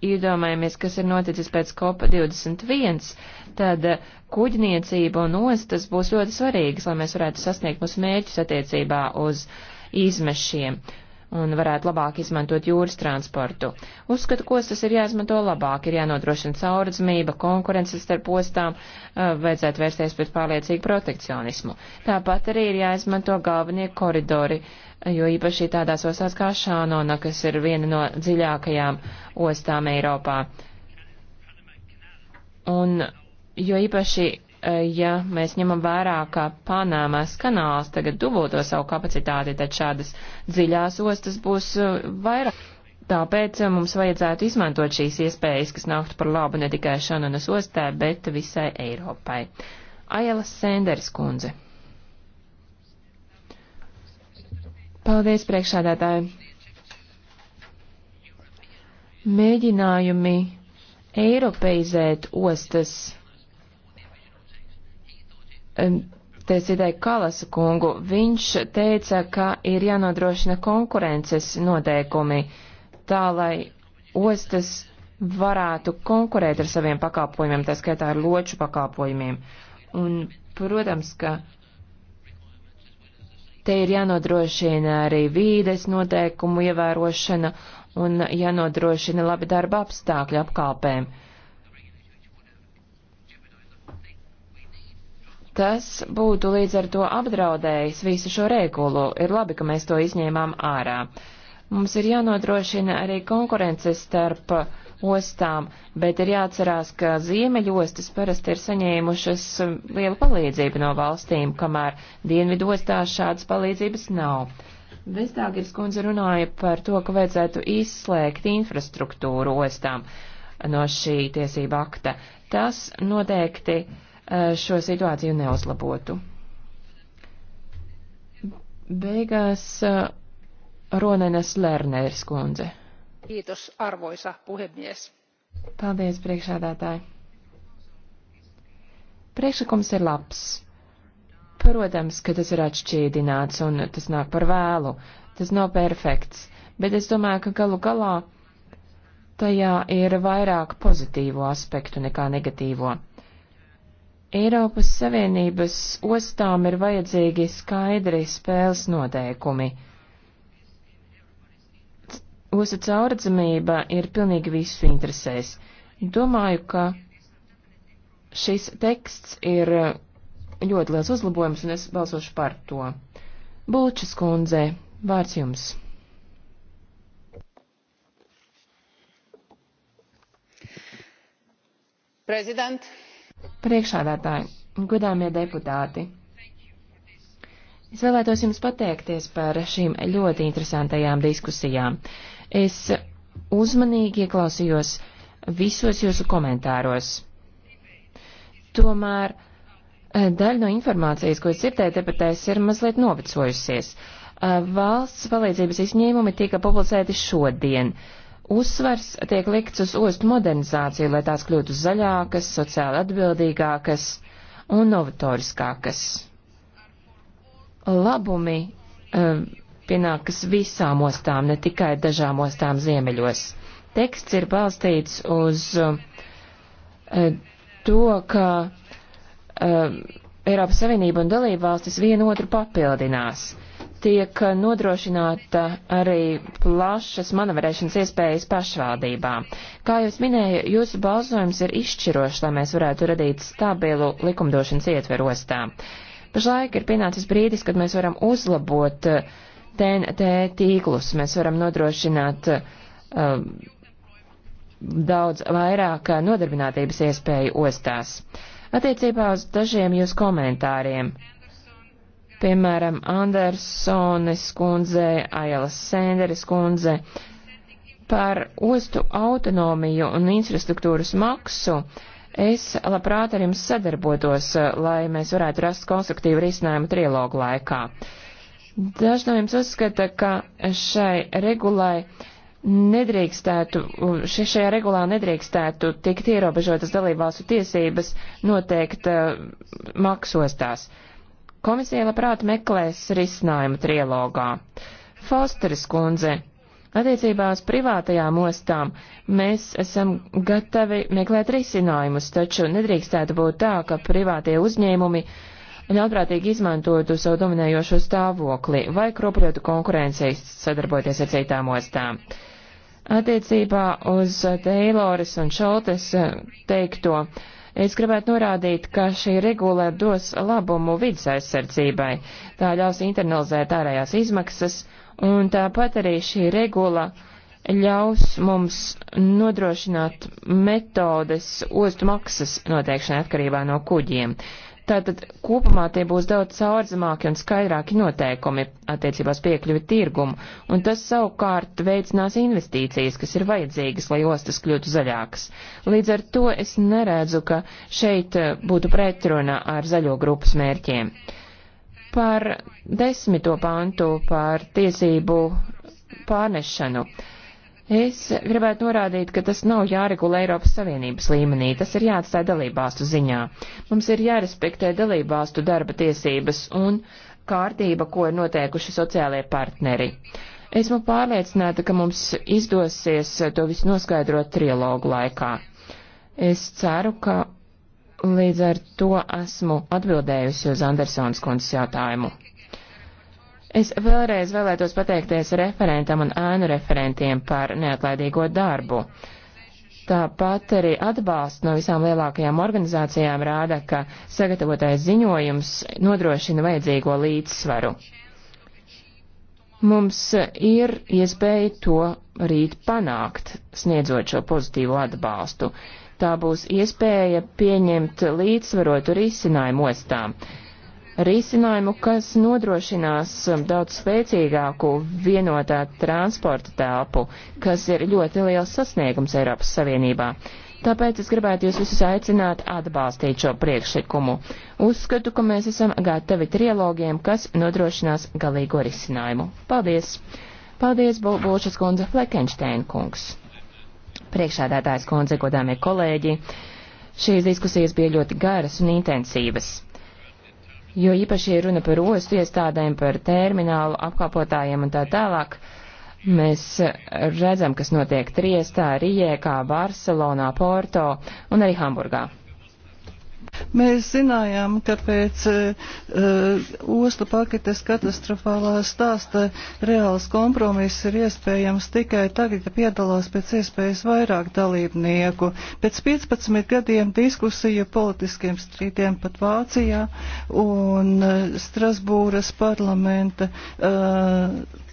iedomājamies, kas ir noticis pēc kopa 21, tad kuģniecība un ostas būs ļoti svarīgas, lai mēs varētu sasniegt mūsu mērķus attiecībā uz izmešiem. Uh, un varētu labāk izmantot jūras transportu. Uzskatu, ko tas ir jāizmanto labāk, ir jānodrošina caurdzmība, konkurences starp ostām, vajadzētu vērsties pret pārliecīgu protekcionismu. Tāpat arī ir jāizmanto galvenie koridori, jo īpaši tādās ostās kā Šānona, kas ir viena no dziļākajām ostām Eiropā. Un jo īpaši ja mēs ņemam vērā, ka Panāmas kanāls tagad duvoto savu kapacitāti, tad šādas dziļās ostas būs uh, vairāk. Tāpēc uh, mums vajadzētu izmantot šīs iespējas, kas nāktu par labu ne tikai Šanonas ostē, bet visai Eiropai. Aila Sēnders kundze. Paldies, priekšādātāji. Mēģinājumi eiropeizēt ostas Te es ideju Kalasa kungu. Viņš teica, ka ir jānodrošina konkurences noteikumi tā, lai ostas varētu konkurēt ar saviem pakalpojumiem, tā skaitā ar loču pakalpojumiem. Un, protams, ka te ir jānodrošina arī vīdes noteikumu ievērošana un jānodrošina labi darba apstākļi apkalpēm. Uh, Tas būtu līdz ar to apdraudējis visu šo regulu. Ir labi, ka mēs to izņēmām ārā. Mums ir jānodrošina arī konkurences starp ostām, bet ir jāatcerās, ka ziemeļostas parasti ir saņēmušas lielu palīdzību no valstīm, kamēr dienvidostās šādas palīdzības nav. Vestāgers kundze runāja par to, ka vajadzētu izslēgt infrastruktūru ostām no šī tiesība akta. Tas noteikti uh, Eh, šo situāciju neuzlabotu. Beigās eh, Ronenes Lerneris kundze.
Kiitos, arvoisa puhemies.
Paldies, priekšādātāji. Priekšlikums ir labs. Protams, ka tas ir atšķīdināts un tas nāk par vēlu. Tas nav perfekts, bet es domāju, ka galu galā tajā ir vairāk pozitīvo aspektu nekā negatīvo. Eiropas Savienības ostām ir vajadzīgi skaidri spēles noteikumi. Osa caurdzamība ir pilnīgi visu interesēs. Domāju, ka šis teksts ir ļoti liels uzlabojums, un es balsošu par to. Bulčas kundze, vārds jums. Prezident, Priekšādātāji, godāmie deputāti, es vēlētos jums pateikties par šīm ļoti interesantajām diskusijām. Es uzmanīgi ieklausījos visos jūsu komentāros. Tomēr eh, daļa no informācijas, ko es dzirdēju debatēs, ir mazliet novecojusies. Eh, valsts palīdzības izņēmumi tika publicēti šodien. Uh, Uzsvars tiek likts uz ostu modernizāciju, lai tās kļūtu zaļākas, sociāli atbildīgākas un novatoriskākas. Labumi uh, pienākas visām ostām, ne tikai dažām ostām ziemeļos. Teksts ir balstīts uz uh, to, ka uh, Eiropas Savienība un dalība valstis vienotru papildinās. Uh, tiek nodrošināta arī plašas manevrēšanas iespējas pašvaldībām. Kā jau es minēju, jūsu balsojums ir izšķirošs, lai mēs varētu radīt stabilu likumdošanas ietveru ostā. Pašlaik ir pienācis brīdis, kad mēs varam uzlabot TNT eh, tīklus, mēs varam nodrošināt uh, daudz vairāk nodarbinātības iespēju ostās. Attiecībā uz dažiem jūsu komentāriem. Uh, piemēram, Andersones kundze, Ajelas Senderes kundze, par ostu autonomiju un infrastruktūras maksu. Es labprāt ar jums sadarbotos, eh, lai mēs varētu rast konstruktīvu risinājumu trilogu laikā. Daži no jums uzskata, ka šai regulai nedrīkstētu, še, šajā regulā nedrīkstētu tikt ierobežotas dalībvalstu tiesības noteikt uh, eh, maksostās. Uh, Komisija labprāt meklēs risinājumu trilogā. Fosteris kundze, attiecībās privātajām ostām mēs esam gatavi meklēt risinājumus, taču nedrīkstētu būt tā, ka privātie uzņēmumi ļaunprātīgi izmantotu savu dominējošo stāvokli vai kropļotu konkurencijas sadarboties ar citām ostām. Attiecībā uz Teiloras un Šoltes eh, teikto, uh, Es gribētu norādīt, ka šī regula dos labumu vidas aizsardzībai, tā ļaus internalizēt ārējās izmaksas, un tāpat arī šī regula ļaus mums nodrošināt metodes ostu maksas noteikšanai atkarībā no kuģiem. Uh, Tātad kopumā tie būs daudz caurzemāki un skaidrāki noteikumi attiecībās piekļuvi tirgumu, un tas savukārt veicinās investīcijas, kas ir vajadzīgas, lai ostas kļūtu zaļākas. Līdz ar to es neredzu, ka šeit eh, būtu pretruna ar zaļo grupas mērķiem. Par desmito pantu par tiesību pārnešanu. Uh, Es gribētu norādīt, ka tas nav jāregula Eiropas Savienības līmenī, tas ir jāatstāja dalībāstu ziņā. Mums ir jārespektē dalībāstu darba tiesības un kārtība, ko ir noteikuši sociālie partneri. Esmu pārliecināta, ka mums izdosies to visu noskaidrot trilogu laikā. Es ceru, ka līdz ar to esmu atbildējusi uz Andersons kundzes jautājumu. Es vēlreiz vēlētos pateikties referentam un ēnu referentiem par neatlaidīgo darbu. Tāpat arī atbalsts no visām lielākajām organizācijām rāda, ka sagatavotais ziņojums nodrošina vajadzīgo līdzsvaru. Mums ir iespēja to rīt panākt, sniedzot šo pozitīvo atbalstu. Tā būs iespēja pieņemt līdzsvarotu risinājumu ostām risinājumu, kas nodrošinās daudz spēcīgāku vienotā transporta telpu, kas ir ļoti liels sasniegums Eiropas Savienībā. Tāpēc es gribētu jūs visus aicināt atbalstīt šo priekšlikumu. Uzskatu, ka mēs esam gatavi trilogiem, kas nodrošinās galīgo risinājumu. Paldies! Paldies, Bulšas kundze Flekenšteina kungs! Priekšādātājs kundze, godāmie kolēģi! Šīs diskusijas bija ļoti garas un intensīvas jo īpaši ir runa par ostu iestādēm, par terminālu apkalpotājiem un tā tālāk. Mēs redzam, kas notiek Triestā, Rijēkā, Barcelonā, Porto un arī Hamburgā.
Mēs zinājām, ka pēc uh, e, e, ostu paketes katastrofālā stāsta reāls kompromiss ir iespējams tikai tagad, ka piedalās pēc iespējas vairāk dalībnieku. Pēc 15 gadiem diskusiju politiskiem strīdiem pat Vācijā un uh, Strasbūras parlamenta. Uh,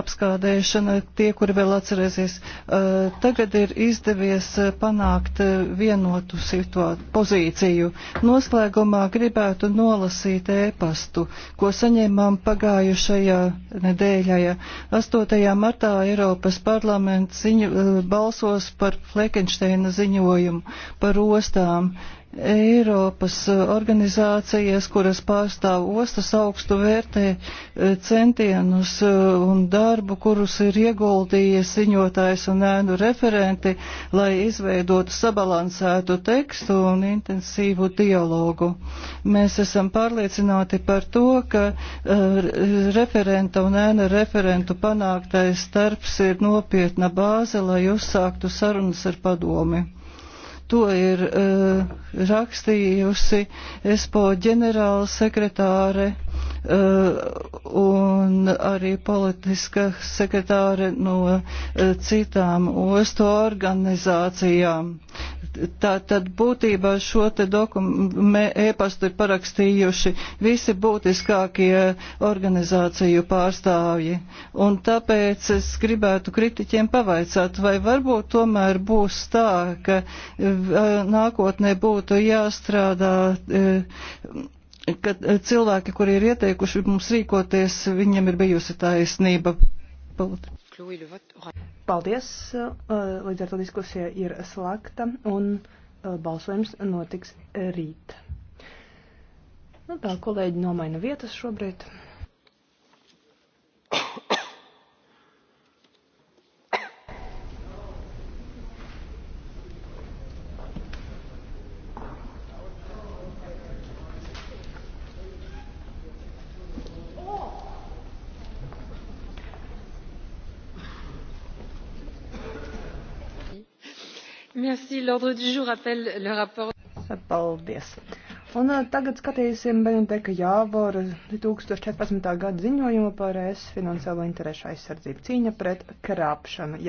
apskādēšana tie, kuri vēl atcerēsies. Eh, tagad ir izdevies eh, panākt eh, vienotu pozīciju. Noslēgumā gribētu nolasīt ēpastu, ko saņēmām pagājušajā nedēļā. 8. martā Eiropas parlaments ziņu, balsos par Flekensteina ziņojumu par ostām. Eiropas organizācijas, kuras pārstāv ostas augstu vērtē e, centienus e, un darbu, kurus ir ieguldījies ziņotājs un ēnu referenti, lai izveidotu sabalansētu tekstu un intensīvu dialogu. Mēs esam pārliecināti par to, ka e, referenta un ēna referentu panāktais starps ir nopietna bāze, lai uzsāktu sarunas ar padomi. To ir uh, rakstījusi ESPO ģenerāla sekretāre uh, un arī politiska sekretāre no uh, citām ostu organizācijām. Tā tad būtībā šo te e-pastu ir parakstījuši visi būtiskākie organizāciju pārstāvji. Un tāpēc es gribētu kritiķiem pavaicāt, vai varbūt tomēr būs tā, ka e, nākotnē būtu jāstrādā. E, ka e, cilvēki, kuri ir ieteikuši mums rīkoties, viņiem ir bijusi taisnība. Paldies. Paldies! Eh, līdz ar to diskusija ir slēgta un eh, balsojums notiks rīt. Nu, tā kolēģi nomaina vietas šobrīd. [coughs] Paldies. Un tagad skatīsim Benedeka Jāvora 2014. gada ziņojumu par es finansiālo interešu aizsardzību cīņa pret krāpšanu. Jā.